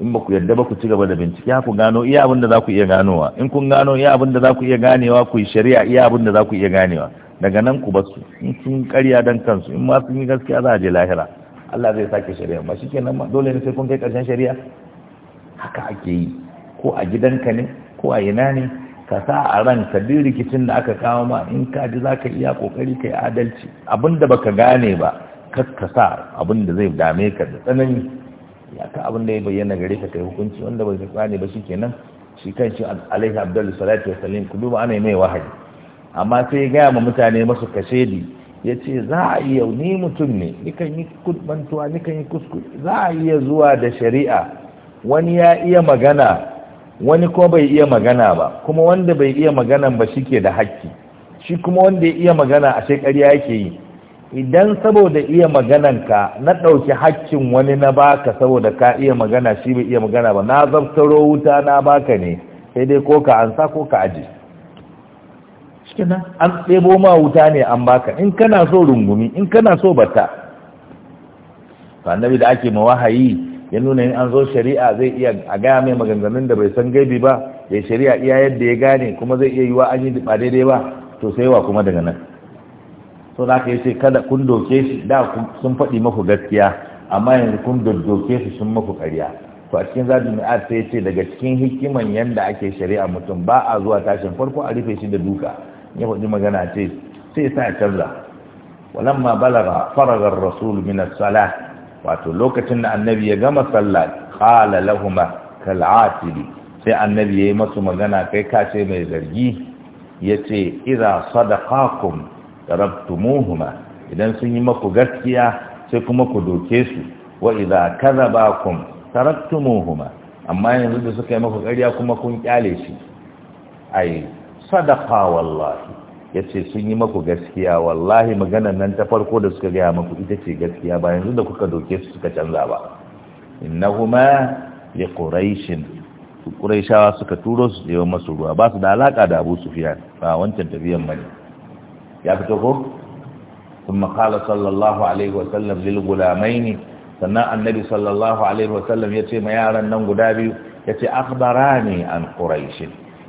in ba ku yarda ba ku ci gaba da bincike ku gano iya abin da za ku iya ganowa in kun gano iya abin da za ku iya ganewa ku yi shari'a iya abin da za ku iya ganewa daga nan ku basu in sun karya dan kansu in ma sun yi gaskiya za a je lahira Allah zai sake shari'a ba shi kenan ma dole ne sai kun kai karshen shari'a haka ake yi ko a gidan ka ne ko a ina ne ka sa a ka duk rikicin da aka kawo ma in ka ji za ka iya kokari ka yi adalci abin da baka gane ba kar ka abin da zai dame ka da tsanani ya ka abin da ya bayyana gare ka kai hukunci wanda bai karɓa ba shi kenan shi kan shi alaihi abdul salatu wa salim ku duba ana mai wahayi amma sai ya gaya ma mutane masu kashe ya ce za a iya ni mutum ne Ni kan yi kudbantuwa kan yi kuskure za a iya zuwa da shari'a wani ya iya magana wani kuma bai iya magana ba kuma wanda bai iya magana ba shi da hakki shi kuma wanda ya iya magana a sai ƙarya yake yi idan saboda iya magananka na ɗauki haƙƙin wani na baka saboda ka iya magana shi bai iya magana ba na zaftaro wuta na baka ne sai dai ko ka ansa ko ka aji cikin an ɗebo ma wuta ne an baka in kana so rungumi in kana so bata annabi da ake mawahayi ya nuna in an zo shari'a zai iya a gaya mai maganganun da bai san gaibi ba ya shari'a iya yadda ya gane kuma zai iya yiwa an yi ba daidai ba to sai wa kuma daga nan so na ka yi ce kada kun doke shi da sun faɗi maku gaskiya amma yanzu kun doke su sun maku ƙarya to a cikin zaɓi mai sai ce daga cikin hikiman yanda ake shari'a mutum ba a zuwa tashin farko a rufe shi da duka ya faɗi magana ce sai sa canza walamma balaga faragar rasul min as sala wato lokacin da annabi ya gama sallah qala lahumma kal'atili sai annabi ya yi masu magana kai kace mai zargi yace ce sadaqakum darabtumuhuma idan sun yi maku gaskiya sai kuma ku doke su wa idza kadzabakum taraktumuhuma amma yanzu da suka yi maku ƙarya kuma kun kyale shi Ay sadaqa wallahi yace sun yi maku gaskiya wallahi maganar nan ta farko da suka gaya maku ita ce gaskiya ba yanzu da kuka doke su suka canza ba innahuma li quraishin quraishawa suka turo su je masu ruwa ba su da alaka da Abu Sufyan ba wancan tafiyan mai ya fito ko ثم قال صلى الله عليه وسلم للغلامين سنا النبي صلى الله عليه وسلم يتي ما يارن نان غدا بيو يتي اخبراني عن قريش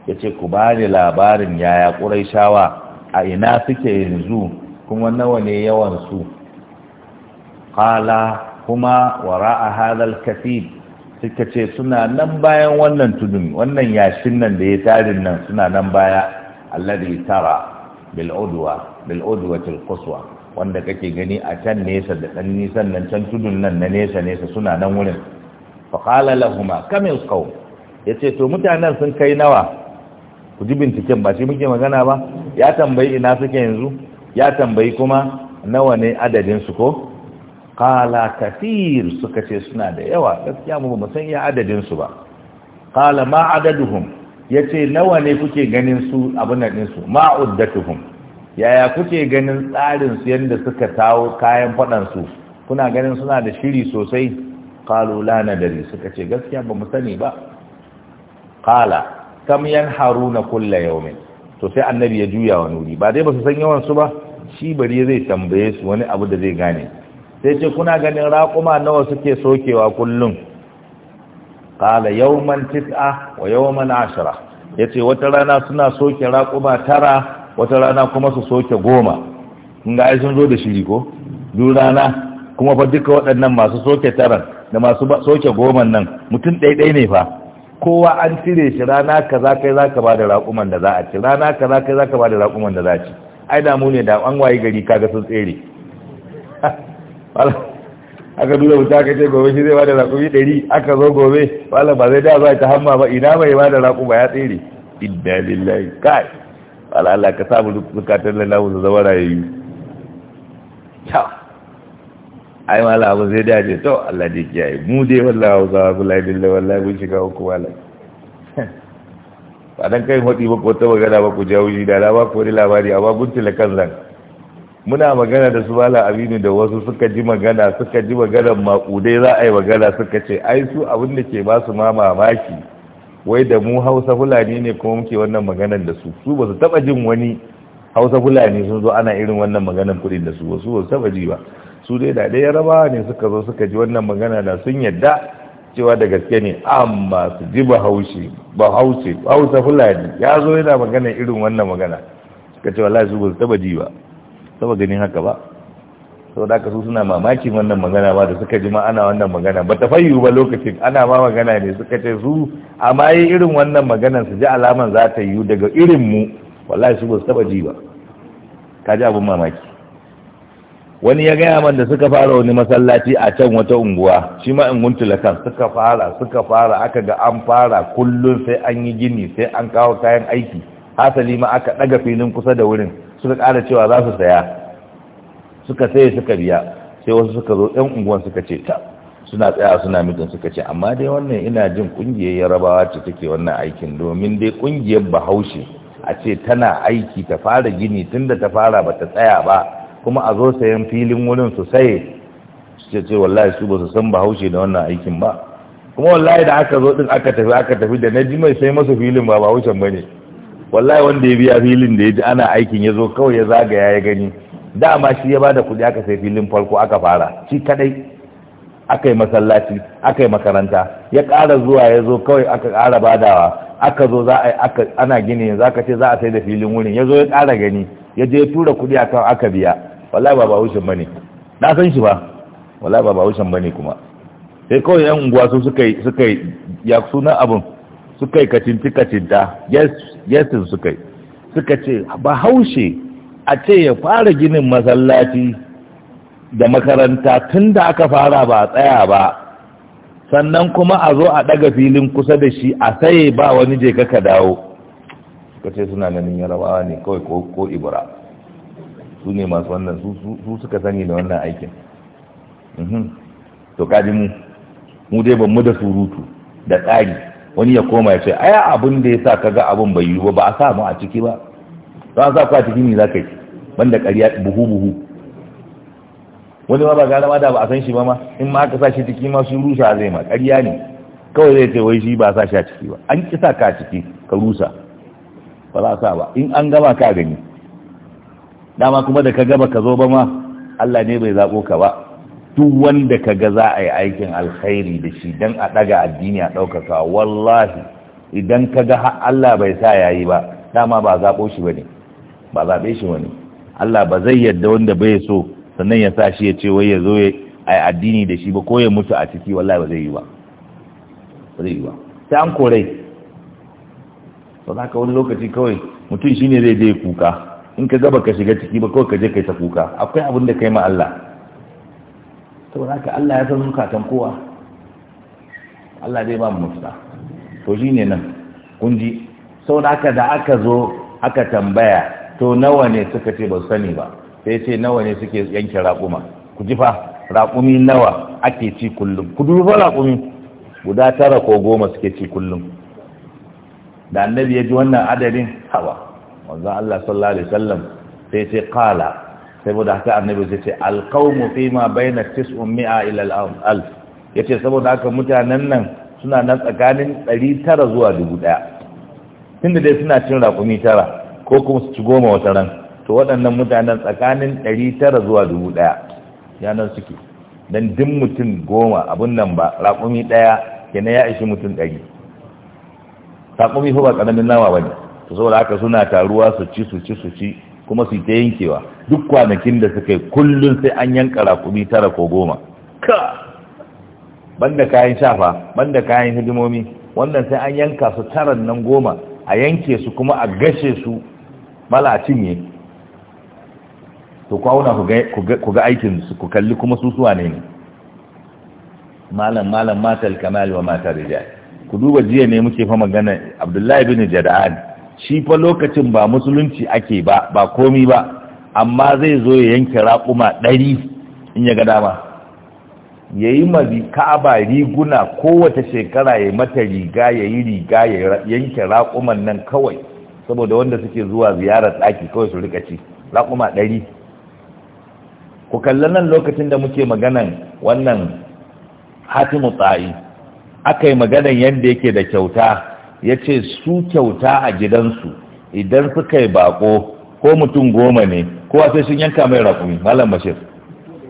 yace ku bani labarin yaya quraishawa a ina suke yanzu kuma nawa ne yawan su kuma wara'a a hadal kathib suka ce suna nan bayan wannan tudun wannan yashin nan da ya tarin nan suna nan baya alladhi tara bil'udwa bil'udwatil quswa wanda kake gani a can nesa da dan nisan nan can tudun nan na nesa nesa suna nan wurin fa qala lahumu kam yasqaw yace to mutanen sun kai nawa ku ji binciken ba shi muke magana ba ya tambayi ina suke yanzu ya tambayi kuma nawa ne adadin su ko qala kathir suka ce suna da yawa gaskiya mu ba san ya adadin su ba qala ma adaduhum ya ce nawa ne kuke ganin su abin da ɗinsu ma'uddatuhum yaya kuke ganin tsarin su yadda suka tawo kayan faɗansu kuna ganin suna da shiri sosai kalu la suka ce gaskiya ba mu sani ba kala kam yan haruna kulla yaumin to sai annabi ya juya wa nuri ba dai ba su san yawan su ba shi bari zai tambaye su wani abu da zai gane sai ce kuna ganin raƙuma nawa suke sokewa kullum kala yawman tis'a wa yawman ashara yace wata rana suna soke raquba tara wata rana kuma su soke goma kun ga ai sun zo da shiri ko duk rana kuma fa duka waɗannan masu soke tara da masu soke goma nan mutum ɗaiɗai ne fa kowa an cire shi rana kaza kai zaka ba da raƙuman da za a ci rana kaza kai zaka ba da raƙuman da za a ci ai mu ne da an waye gari kaga sun tsere aka duba wuta aka ce gobe shi zai bada raƙumi ɗari aka zo gobe wala ba zai da za ta hamma ba ina mai bada raku ba ya tsere inna lillahi kai wala Allah ka samu zukatan lalla mu zama rayu ta ai mala abu zai dace to Allah dai kiyaye mu dai wallahi hausa wallahi billahi wallahi mun shiga uku wala ba dan kai hoti ba ko ta magana ba ku jawo shi da ba ku wani labari amma gunti la kan zan muna magana da su bala abini da wasu suka ji magana suka ji magana maƙudai za a yi magana suka ce ai su abin da ke ba su ma mamaki wai da mu hausa fulani ne kuma muke wannan maganar da su su ba su taba jin wani hausa fulani sun zo ana irin wannan maganar kudin da su ba su ba su taba ji ba su dai da ɗaya raba ne suka zo suka ji wannan magana da sun yadda cewa da gaske ne amma su ji bahaushe bahaushe hausa fulani ya zo yana magana irin wannan magana suka ce wallahi su ba su taba ji ba saba ganin haka ba sau da su suna mamakin wannan magana ba da suka ji ana wannan magana ba ta fayyu ba lokacin ana ma magana ne suka ce su amma yi irin wannan maganan su ji alaman za ta yiwu daga irin mu wallahi su ba su taba ji ba ka ji abin mamaki wani ya gaya man da suka fara wani masallaci a can wata unguwa shi ma in guntula kan suka fara suka fara aka ga an fara kullum sai an yi gini sai an kawo kayan aiki hasali ma aka daga filin kusa da wurin suka kara cewa za su saya suka saye suka biya sai wasu suka zo yan unguwan suka ce ta suna tsaya suna mijin suka ce amma dai wannan ina jin kungiyar yarabawa ce take wannan aikin domin dai kungiyar bahaushe a ce tana aiki ta fara gini tunda ta fara ba ta tsaya ba kuma a zo sayan filin wurin su saye su ce wallahi su ba su san bahaushe da wannan aikin ba kuma wallahi da aka zo din aka tafi aka tafi da na ji mai sai masa filin ba bahaushen ba ne wallahi wanda ya biya filin da ya ji ana aikin ya zo kawai ya zagaya ya gani dama shi ya bada kuɗi aka sai filin farko aka fara shi kadai aka yi masallaci aka yi makaranta ya ƙara zuwa ya zo kawai aka ƙara badawa aka zo za a ana gini za ka ce za a sai da filin wurin ya zo ya ƙara gani ya je ya tura kuɗi akan aka biya wallahi ba ba ne bane na san shi ba wallahi ba ba ne bane kuma sai kawai yan unguwa su suka yi suka yi ya suna abun suka yi kacinti kacinta yesin suka yi suka ce ba haushe a ce ya fara ginin masallaci da makaranta tun da aka fara ba tsaya ba sannan kuma a zo a ɗaga filin kusa da shi a saye ba wani je ka dawo Suka ce suna ganin yarabawa ne kawai ko ibra su ne masu wannan su suka sani da wannan aikin mhm. to kaji mu mu dai ban mu da surutu da tsari wani ya koma ya ce aya abin da ya sa kaga abin bai yiwu ba a sa mu a ciki ba za a sa ku a ciki ne za ka yi banda ƙarya buhu buhu wani ma ba gara ma da ba a san shi ba ma in ma aka sa shi ciki ma su rusa zai ma ƙarya ne kawai zai ce wai shi ba sa shi a ciki ba an ki sa ka a ciki ka rusa ba za a sa ba in an gama ka gani dama kuma da ka gama ka zo ba ma Allah ne bai zaɓo ka ba duk wanda ka ga za a yi aikin alkhairi da shi don a ɗaga addini a ɗaukaka wallahi idan ka ga Allah bai sa ya yi ba dama ba zaɓo shi ba ne ba zaɓe shi wani Allah ba zai yadda wanda bai so sannan ya sa shi ya ce wai ya zo ya yi addini da shi ba ko ya mutu a ciki wallahi ba zai yi ba ba zai yi ba sai an korai ba za ka wani lokaci kawai mutum shine zai je kuka in ka ba ka shiga ciki ba kawai ka je kai ta kuka akwai abin da kai ma Allah saboda haka Allah ya san zukatan kowa Allah zai ba mu mafita to shine nan kun ji saboda haka da aka zo aka tambaya to nawa ne suka ce ba sani ba sai ce nawa ne suke yanke raƙuma ku ji fa raƙumi nawa ake ci kullum ku duba raƙumi guda tara ko goma suke ci kullum da annabi ya ji wannan adadin hawa wanzan Allah sallallahu alaihi wasallam sai ce qala saboda haka annabi zai ce fi ma baina 900 ila al yace saboda haka mutanen nan suna nan tsakanin 900 zuwa 1000 tunda dai suna cin rakumi tara ko kuma su ci goma wata ran to waɗannan mutanen tsakanin 900 zuwa 1000 nan suke dan din mutum goma abun nan ba rakumi daya kenan ya ishi mutum 100 rakumi fa ba karamin nama bane to saboda haka suna taruwa su ci su ci su ci kuma su ta yankewa duk kwanakin da suka yi kullum sai an yanka rakumi tara ko goma ka banda kayan shafa banda kayan hidimomi wannan sai an yanka su taran nan goma a yanke su kuma a gashe su mala cinye to kwauna ku ga aikin su ku kalli kuma su suwa ne malam malam matal kamal wa matar rijal ku duba jiya ne muke fa magana abdullahi bin jada'an shi fa lokacin ba musulunci ake ba ba komi ba amma zai zo ya yanke raƙuma ɗari in ya ga dama ya yi mazi ka'aba riguna kowace shekara ya mata riga ya yi riga ya yanke raƙuman nan kawai saboda wanda suke zuwa ziyarar ɗaki kawai su rika raƙuma ɗari ku kalla nan lokacin da muke maganan wannan hatimu tsari aka yi maganan yadda yake da kyauta ya ce su kyauta a gidansu idan suka yi bako ko mutum goma ne kowa sai sun yanka mai rafi malam bashir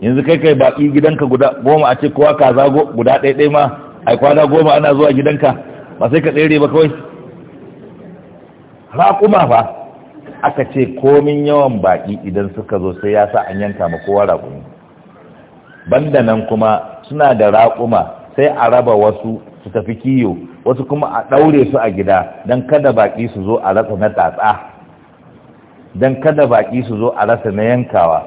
yanzu kai kai baki gidanka guda goma a ce kowa kaza guda ɗaiɗai ma ai kwana goma ana zuwa gidanka ba sai ka tsere ba kawai raƙuma fa aka ce komin yawan baki idan suka zo sai ya sa an yanka ma kowa raƙumi banda nan kuma suna da raƙuma sai a raba wasu su tafi kiyo wasu kuma a ɗaure su a gida don kada baƙi su zo a rasa na tatsa don kada baƙi su zo a rasa na yankawa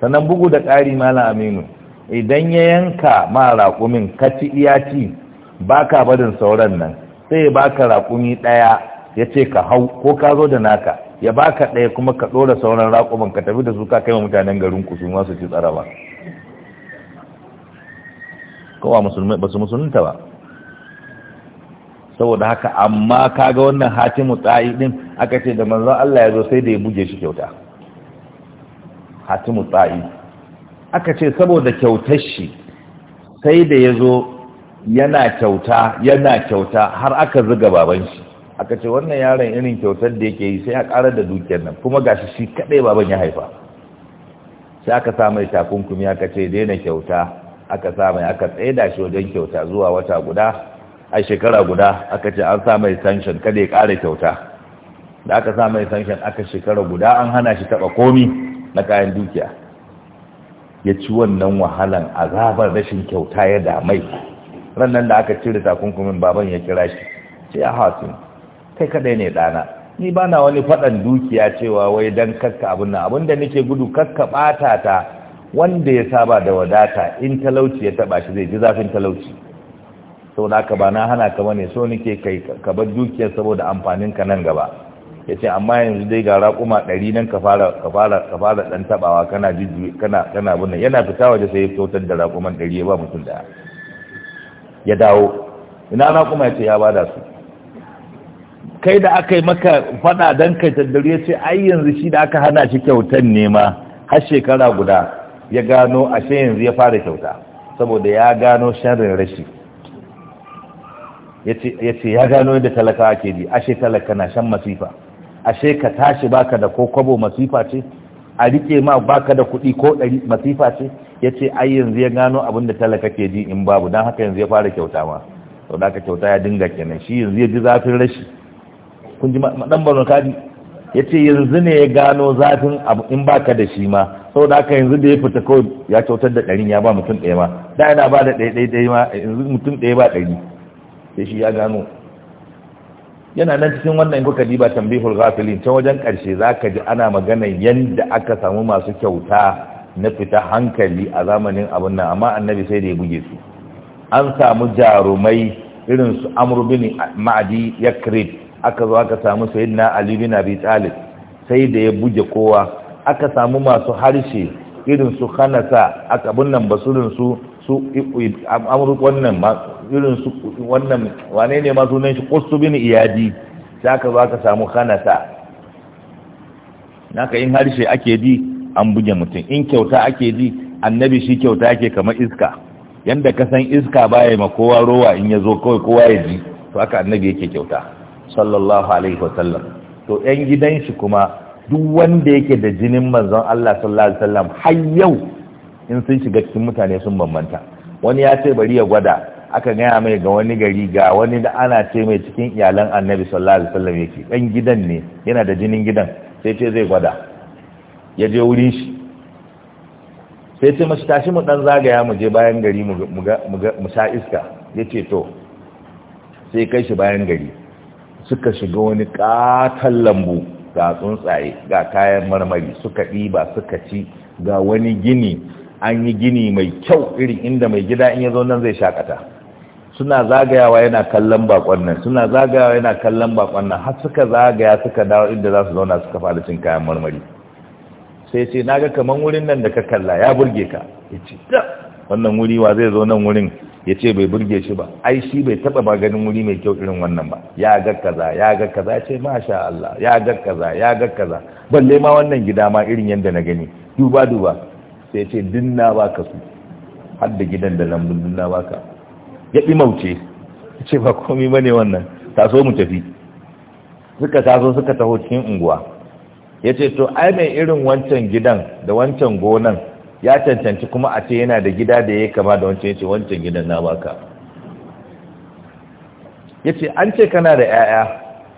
sannan bugu da ƙari malam aminu idan ya yanka ma raƙumin kaci iya ci ba ka barin sauran nan sai ya baka raƙumi ɗaya ya ce ka hau ko ka zo da naka ya baka ɗaya kuma ka ɗora sauran raƙumin ka tafi da su ka kai wa mutanen garin ku su ma su ci tsara ba kowa musulmi ba su musulunta ba saboda haka amma kaga wannan hatimu tsayi din aka ce da manzon Allah ya zo sai da ya buge shi kyauta hatimu tsayi aka ce saboda kyautar shi sai da ya zo yana kyauta yana kyauta har aka zuga baban shi aka ce wannan yaron irin kyautar da yake yi sai ya karar da dukiyar nan kuma gashi shi kaɗai baban ya haifa sai aka sa mai takunkumi aka ce daina kyauta aka sa mai aka tsaida shi wajen kyauta zuwa wata guda a shekara guda aka ce an sa mai sanction kada ya ƙara kyauta da aka sa mai sanction aka shekara guda an hana shi taba komi na kayan dukiya ya ci wannan wahalan azabar rashin kyauta ya damai rannan da aka cire takunkumin baban ya kira shi ce ya kai kadai ne dana ni ba na wani faɗan dukiya cewa wai don kakka abin nan abinda nake gudu kakka ɓata ta wanda ya saba da wadata in talauci ya taɓa shi zai ji zafin talauci saboda haka ba na hana ka bane so nake kai ka bar dukiyar saboda amfanin ka nan gaba yace amma yanzu dai ga raƙuma 100 nan ka fara ka fara ka fara dan tabawa kana jiji kana kana bunna yana fita waje sai ya fitar da raƙuman 100 ya ba mutum daya ya dawo ina na kuma yace ya bada su kai da aka maka fada dan kai taddare yace ai yanzu shi da aka hana shi kyautan nema har shekara guda ya gano ashe yanzu ya fara kyauta saboda ya gano sharrin rashi ya ce ya gano yadda talaka ake ji ashe talaka na shan masifa ashe ka tashi baka da ko kwabo masifa ce a rike ma baka da kuɗi ko ɗari masifa ce ya ce ai yanzu ya gano abin da talaka ke ji in babu don haka yanzu ya fara kyauta ma sau da aka kyauta ya dinga kenan shi yanzu ya ji zafin rashi kun ji maɗan baron kadi ya ce yanzu ne ya gano zafin abu in baka da shi ma sau da aka yanzu da ya fita kawai ya kyautar da ɗarin ya ba mutum ɗaya ma da yana ba da ɗaya ɗaya ma yanzu mutum ɗaya ba ɗari sai shi ya gano yana nan cikin wannan kuka diba tambihul ghafilin ta wajen karshe zaka ji ana magana yanda aka samu masu kyauta na fita hankali a zamanin abin nan amma annabi sai da ya buge su an samu jarumai irin su amru bin ma'adi yakrib aka zo aka samu sayyidina ali bin abi talib sai da ya buge kowa aka samu masu harshe irin su khanasa aka bunnan basurin su su amur wannan irin su wannan wane ne ma sunan shi kustu bin iyadi za ka za ka samu na naka in harshe ake ji an buge mutum in kyauta ake ji annabi shi kyauta ake kamar iska yanda ka san iska baya ma kowa rowa in ya zo kawai kowa ya ji to haka annabi yake kyauta sallallahu alaihi wasallam to yan gidan shi kuma duk wanda yake da jinin manzon Allah sallallahu alaihi wasallam har yau in sun shiga cikin mutane sun bambanta wani ya ce bari ya gwada aka gaya mai ga wani gari ga wani da ana ce mai cikin iyalan annabi sallallahu alaihi wasallam yake dan gidan ne yana da jinin gidan sai ce zai gwada ya je wurin shi sai ce mashi tashi mu dan zagaya mu je bayan gari mu sha iska ya ce to sai kai shi bayan gari suka shiga wani katon lambu ga tsuntsaye ga kayan marmari suka ɗiba suka ci ga wani gini an yi gini mai kyau irin inda mai gida in ya zo nan zai shakata suna zagayawa yana kallon bakon nan suna zagayawa yana kallon bakon nan har suka zagaya suka dawo inda za su zauna suka fara cin kayan marmari sai ce na ga kaman wurin nan da ka kalla ya burge ka ya ce wannan wuri wa zai zo nan wurin ya ce bai burge shi ba ai shi bai taba ba ganin wuri mai kyau irin wannan ba ya ga kaza ya ga kaza ce masha Allah ya ga kaza ya ga kaza balle ma wannan gida ma irin yadda na gani duba duba sai ce dinna ka su hadda gidan da lambun dinna ka ya ɗi mauce ce ba komi ba ne wannan taso mu tafi suka taso suka taho cikin unguwa ya ce to ai mai irin wancan gidan da wancan gonan ya cancanci kuma a ce yana da gida da ya kama da wancan ya ce wancan gidan na ka ya ce an ce kana da 'ya'ya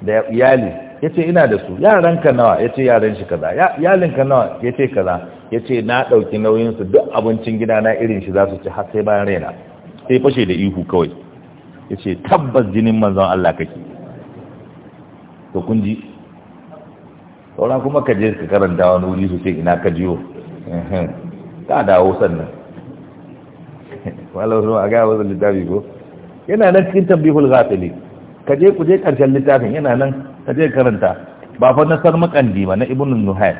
da iyali ya ce ina da su yaran ka nawa ya ce yaran shi kaza yalin ka nawa ya ce kaza ya ce na ɗauki nauyinsu duk abincin gida na irin shi za su ci har sai bayan raina sai fashe da ihu kawai ya ce tabbas jinin manzon Allah kake to kun ji saura kuma ka je ka karanta wani wuri su ce ina ka jiyo ka dawo sannan walau a gaya wasu littafi ko yana nan cikin tambihul ghafili ka je ku je karshen littafin yana nan ka je karanta ba fa na makandi ba na ibn nuhayy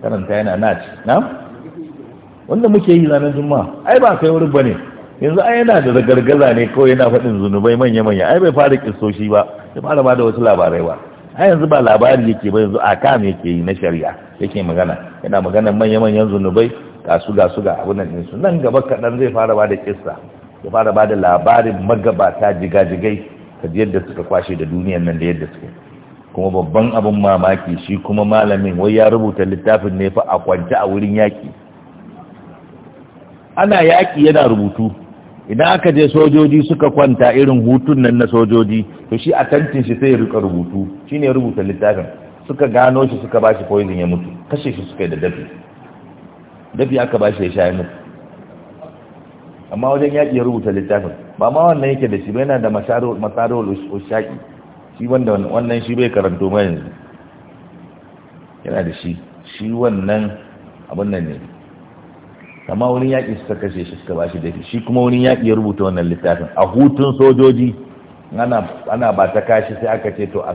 karanta yana naci na wanda muke yi ranar juma'a ai ba kai wurin bane yanzu ai yana da gaza ne kawai yana faɗin zunubai manya manya ai bai fara kisoshi ba ya fara ba da wasu labarai ba ai yanzu ba labari yake ba yanzu akam yake yi na shari'a yake magana yana magana manya manyan zunubai ga su ga su ga abun nan su nan gaba kaɗan zai fara ba da kissa ya fara ba labarin magabata jigajigai ka ji yadda suka kwashe da duniyan nan da yadda suka kuma babban abin mamaki shi kuma malamin wai ya rubuta littafin ne fa a kwance a wurin yaƙi ana yaƙi yana rubutu idan aka je sojoji suka kwanta irin hutun nan na sojoji to shi a tantin shi sai ya rika rubutu shi ya rubuta littafin suka gano shi suka ba shi poison ya mutu kashe shi suka yi da dafi dafi aka ba shi ya sha ya mutu amma wajen yaƙi ya rubuta littafin ba ma wannan yake da shi ba yana da masaro ushaki shi wanda wannan shi bai karanto ba yanzu yana da shi shi wannan abin nan ne kama wurin yaƙi suka kashe shi suka ba shi da shi kuma wurin yaƙi ya rubuta wannan littafin a hutun sojoji ana ba ta kashi sai aka ce to a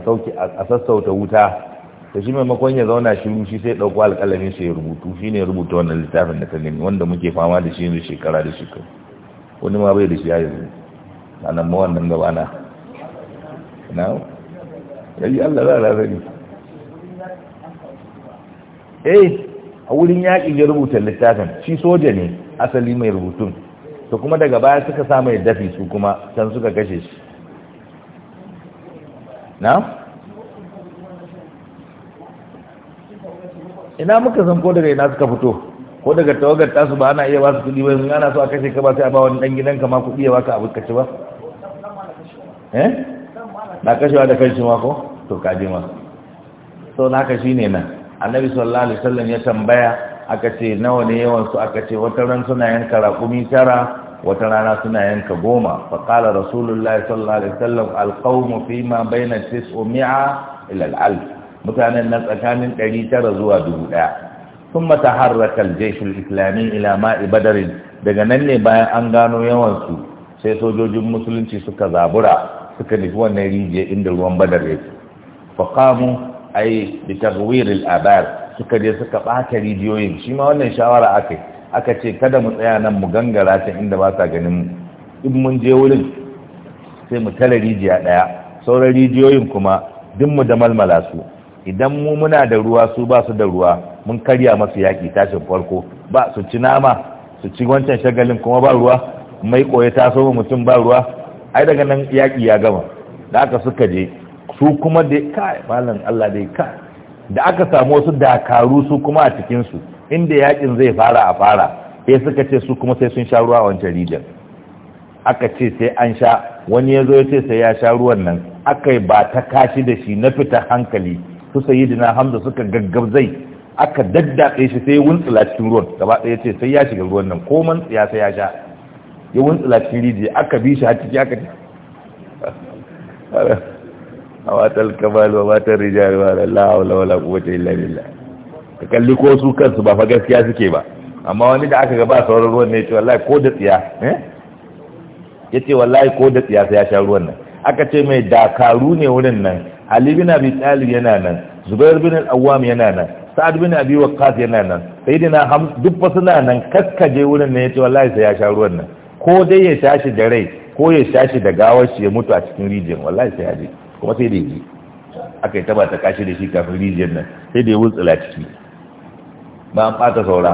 sassauta wuta ta shi maimakon ya zauna shi shi sai ɗauko alƙalamin shi ya rubutu shi ne rubuta wannan littafin da ta nemi wanda muke fama da shi yanzu shekara da shekaru wani ma bai da shi yayin yanzu a nan nan gaba na na yayi Allah za a eh a wurin yaƙin ya rubuta littafin shi soja ne asali mai rubutun to kuma daga baya suka sa mai dafi su kuma can suka kashe shi na? ina muka san ko daga ina suka fito ko daga tawagar tasu ba ana iya ba su kuɗi ba yanzu ana so a kashe ka ba sai a ba wani ɗan ka ma kudi ya baka abu kaci ba eh na kashewa da kanshi ma ko to ka je ma so na ka shine nan annabi sallallahu alaihi wasallam ya tambaya aka ce nawa ne yawan su aka ce wata ran suna yanka raƙumi tara wata rana suna yanka goma qala rasulullahi sallallahu alaihi wasallam alqawmu fi ma baina tis'umi'a ila al'al mutanen nan tsakanin 900 zuwa 1000 ثم تحرك الجيش الإسلامي إلى ماء بدر daga nan ne bayan an gano yawansu sai sojojin musulunci suka zabura suka nufi wannan rijiya inda ruwan badar ya fi faƙamu a yi da tagwiril abar suka je suka ɓata rijiyoyin shi ma wannan shawara aka aka ce kada mu tsaya nan mu gangara ta inda ba sa ganin mu in mun je wurin sai mu tare rijiya daya sauran rijiyoyin kuma duk mu da malmala su idan mu muna da ruwa su ba su da ruwa mun karya masu yaƙi tashin farko ba su ci nama su ci wancan shagalin kuma ba ruwa mai koya taso mutum ba ruwa ai daga nan yaƙi ya gama da aka suka je su kuma da kai malam Allah dai ka da aka samu wasu dakaru su kuma a cikin su inda yaƙin zai fara a fara sai suka ce su kuma sai sun sha ruwa wancan rijiyar aka ce sai an sha wani ya zo ya ce sai ya sha ruwan nan Akai ba ta kashi da shi na fita hankali su sayi hamza suka gaggabzai aka daddaɗe shi sai ya tsilacin ruwan gaba ɗaya ce sai ya shiga ruwan nan ko man ya sai ya sha ya wuntsula tsilacin rijiya aka bi shi har ciki aka a watan kamal wa matar rijiyar wa da wala wa ta illa lilla ka kalli ko su kansu ba fa gaskiya suke ba amma wani da aka gaba sauran ruwan ne ya ce wallahi ko da tsiya eh? ya ce wallahi ko da tsiya sai ya sha ruwan nan aka ce mai dakaru ne wurin nan ali bin abi talib yana nan zubair bin al-awwam yana nan sa'ad bin abi waqqas yana nan sayyidina ham duk wasu suna nan kaskaje wurin ne yace wallahi sai ya sha ruwan nan ko dai ya tashi da rai ko ya tashi da gawar shi ya mutu a cikin rijiyar wallahi sai ya je kuma sai da yi aka yi taba ta kashi da shi kafin rijiyar nan sai da ya wuntsula ciki ba an ɓata saura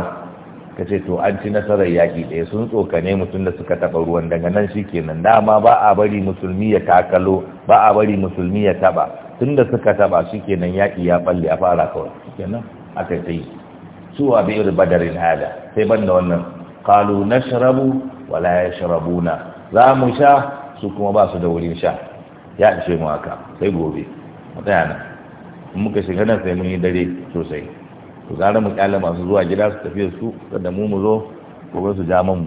ka to an ci nasarar yaƙi ɗaya sun tsokane mutum da suka taɓa ruwan daga nan shi kenan dama ba a bari musulmi ya takalo ba a bari musulmi ya taɓa tun da suka taɓa shi kenan yaƙi ya ɓalle a fara kawai kenan aka sai suwa bi ir badarin hada sai banda wannan na nashrabu wala ya na? za mu sha su kuma ba su da wurin sha ya ishe mu haka sai gobe mu tsaya in muka shiga nan sai mun yi dare sosai to zara mu kyale masu zuwa gida su tafi su kada mu mu zo ba su ja mu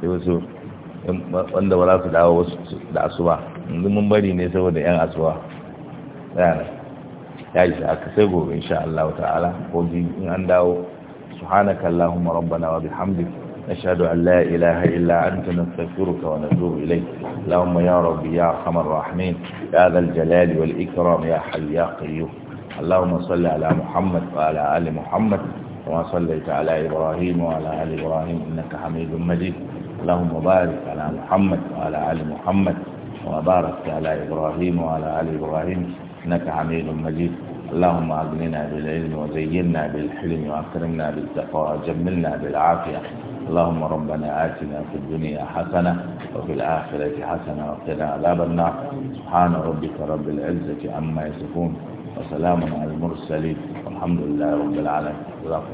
sai wasu wanda ba za su dawo da asuba yanzu mun bari ne saboda yan asuba tsaya ya isa aka sai gobe insha Allah ta'ala ko in an dawo subhanaka allahumma rabbana wa bihamdika ashhadu an la ilaha illa anta nastaghfiruka wa natubu ilayk allahumma ya rabbi ya khamar rahimin ya dhal jalali wal ikram ya hayy ya qayyum اللهم صل على محمد وعلى آل محمد كما صليت على إبراهيم وعلى آل إبراهيم إنك حميد مجيد اللهم بارك على محمد وعلى آل محمد باركت على إبراهيم وعلى آل إبراهيم إنك حميد مجيد اللهم أغننا بالعلم وزينا بالحلم وأكرمنا بالتقوى وجملنا بالعافية اللهم ربنا آتنا في الدنيا حسنة وفي الآخرة حسنة وقنا عذاب النار سبحان ربك رب العزة عما يصفون وسلام على المرسلين والحمد لله رب العالمين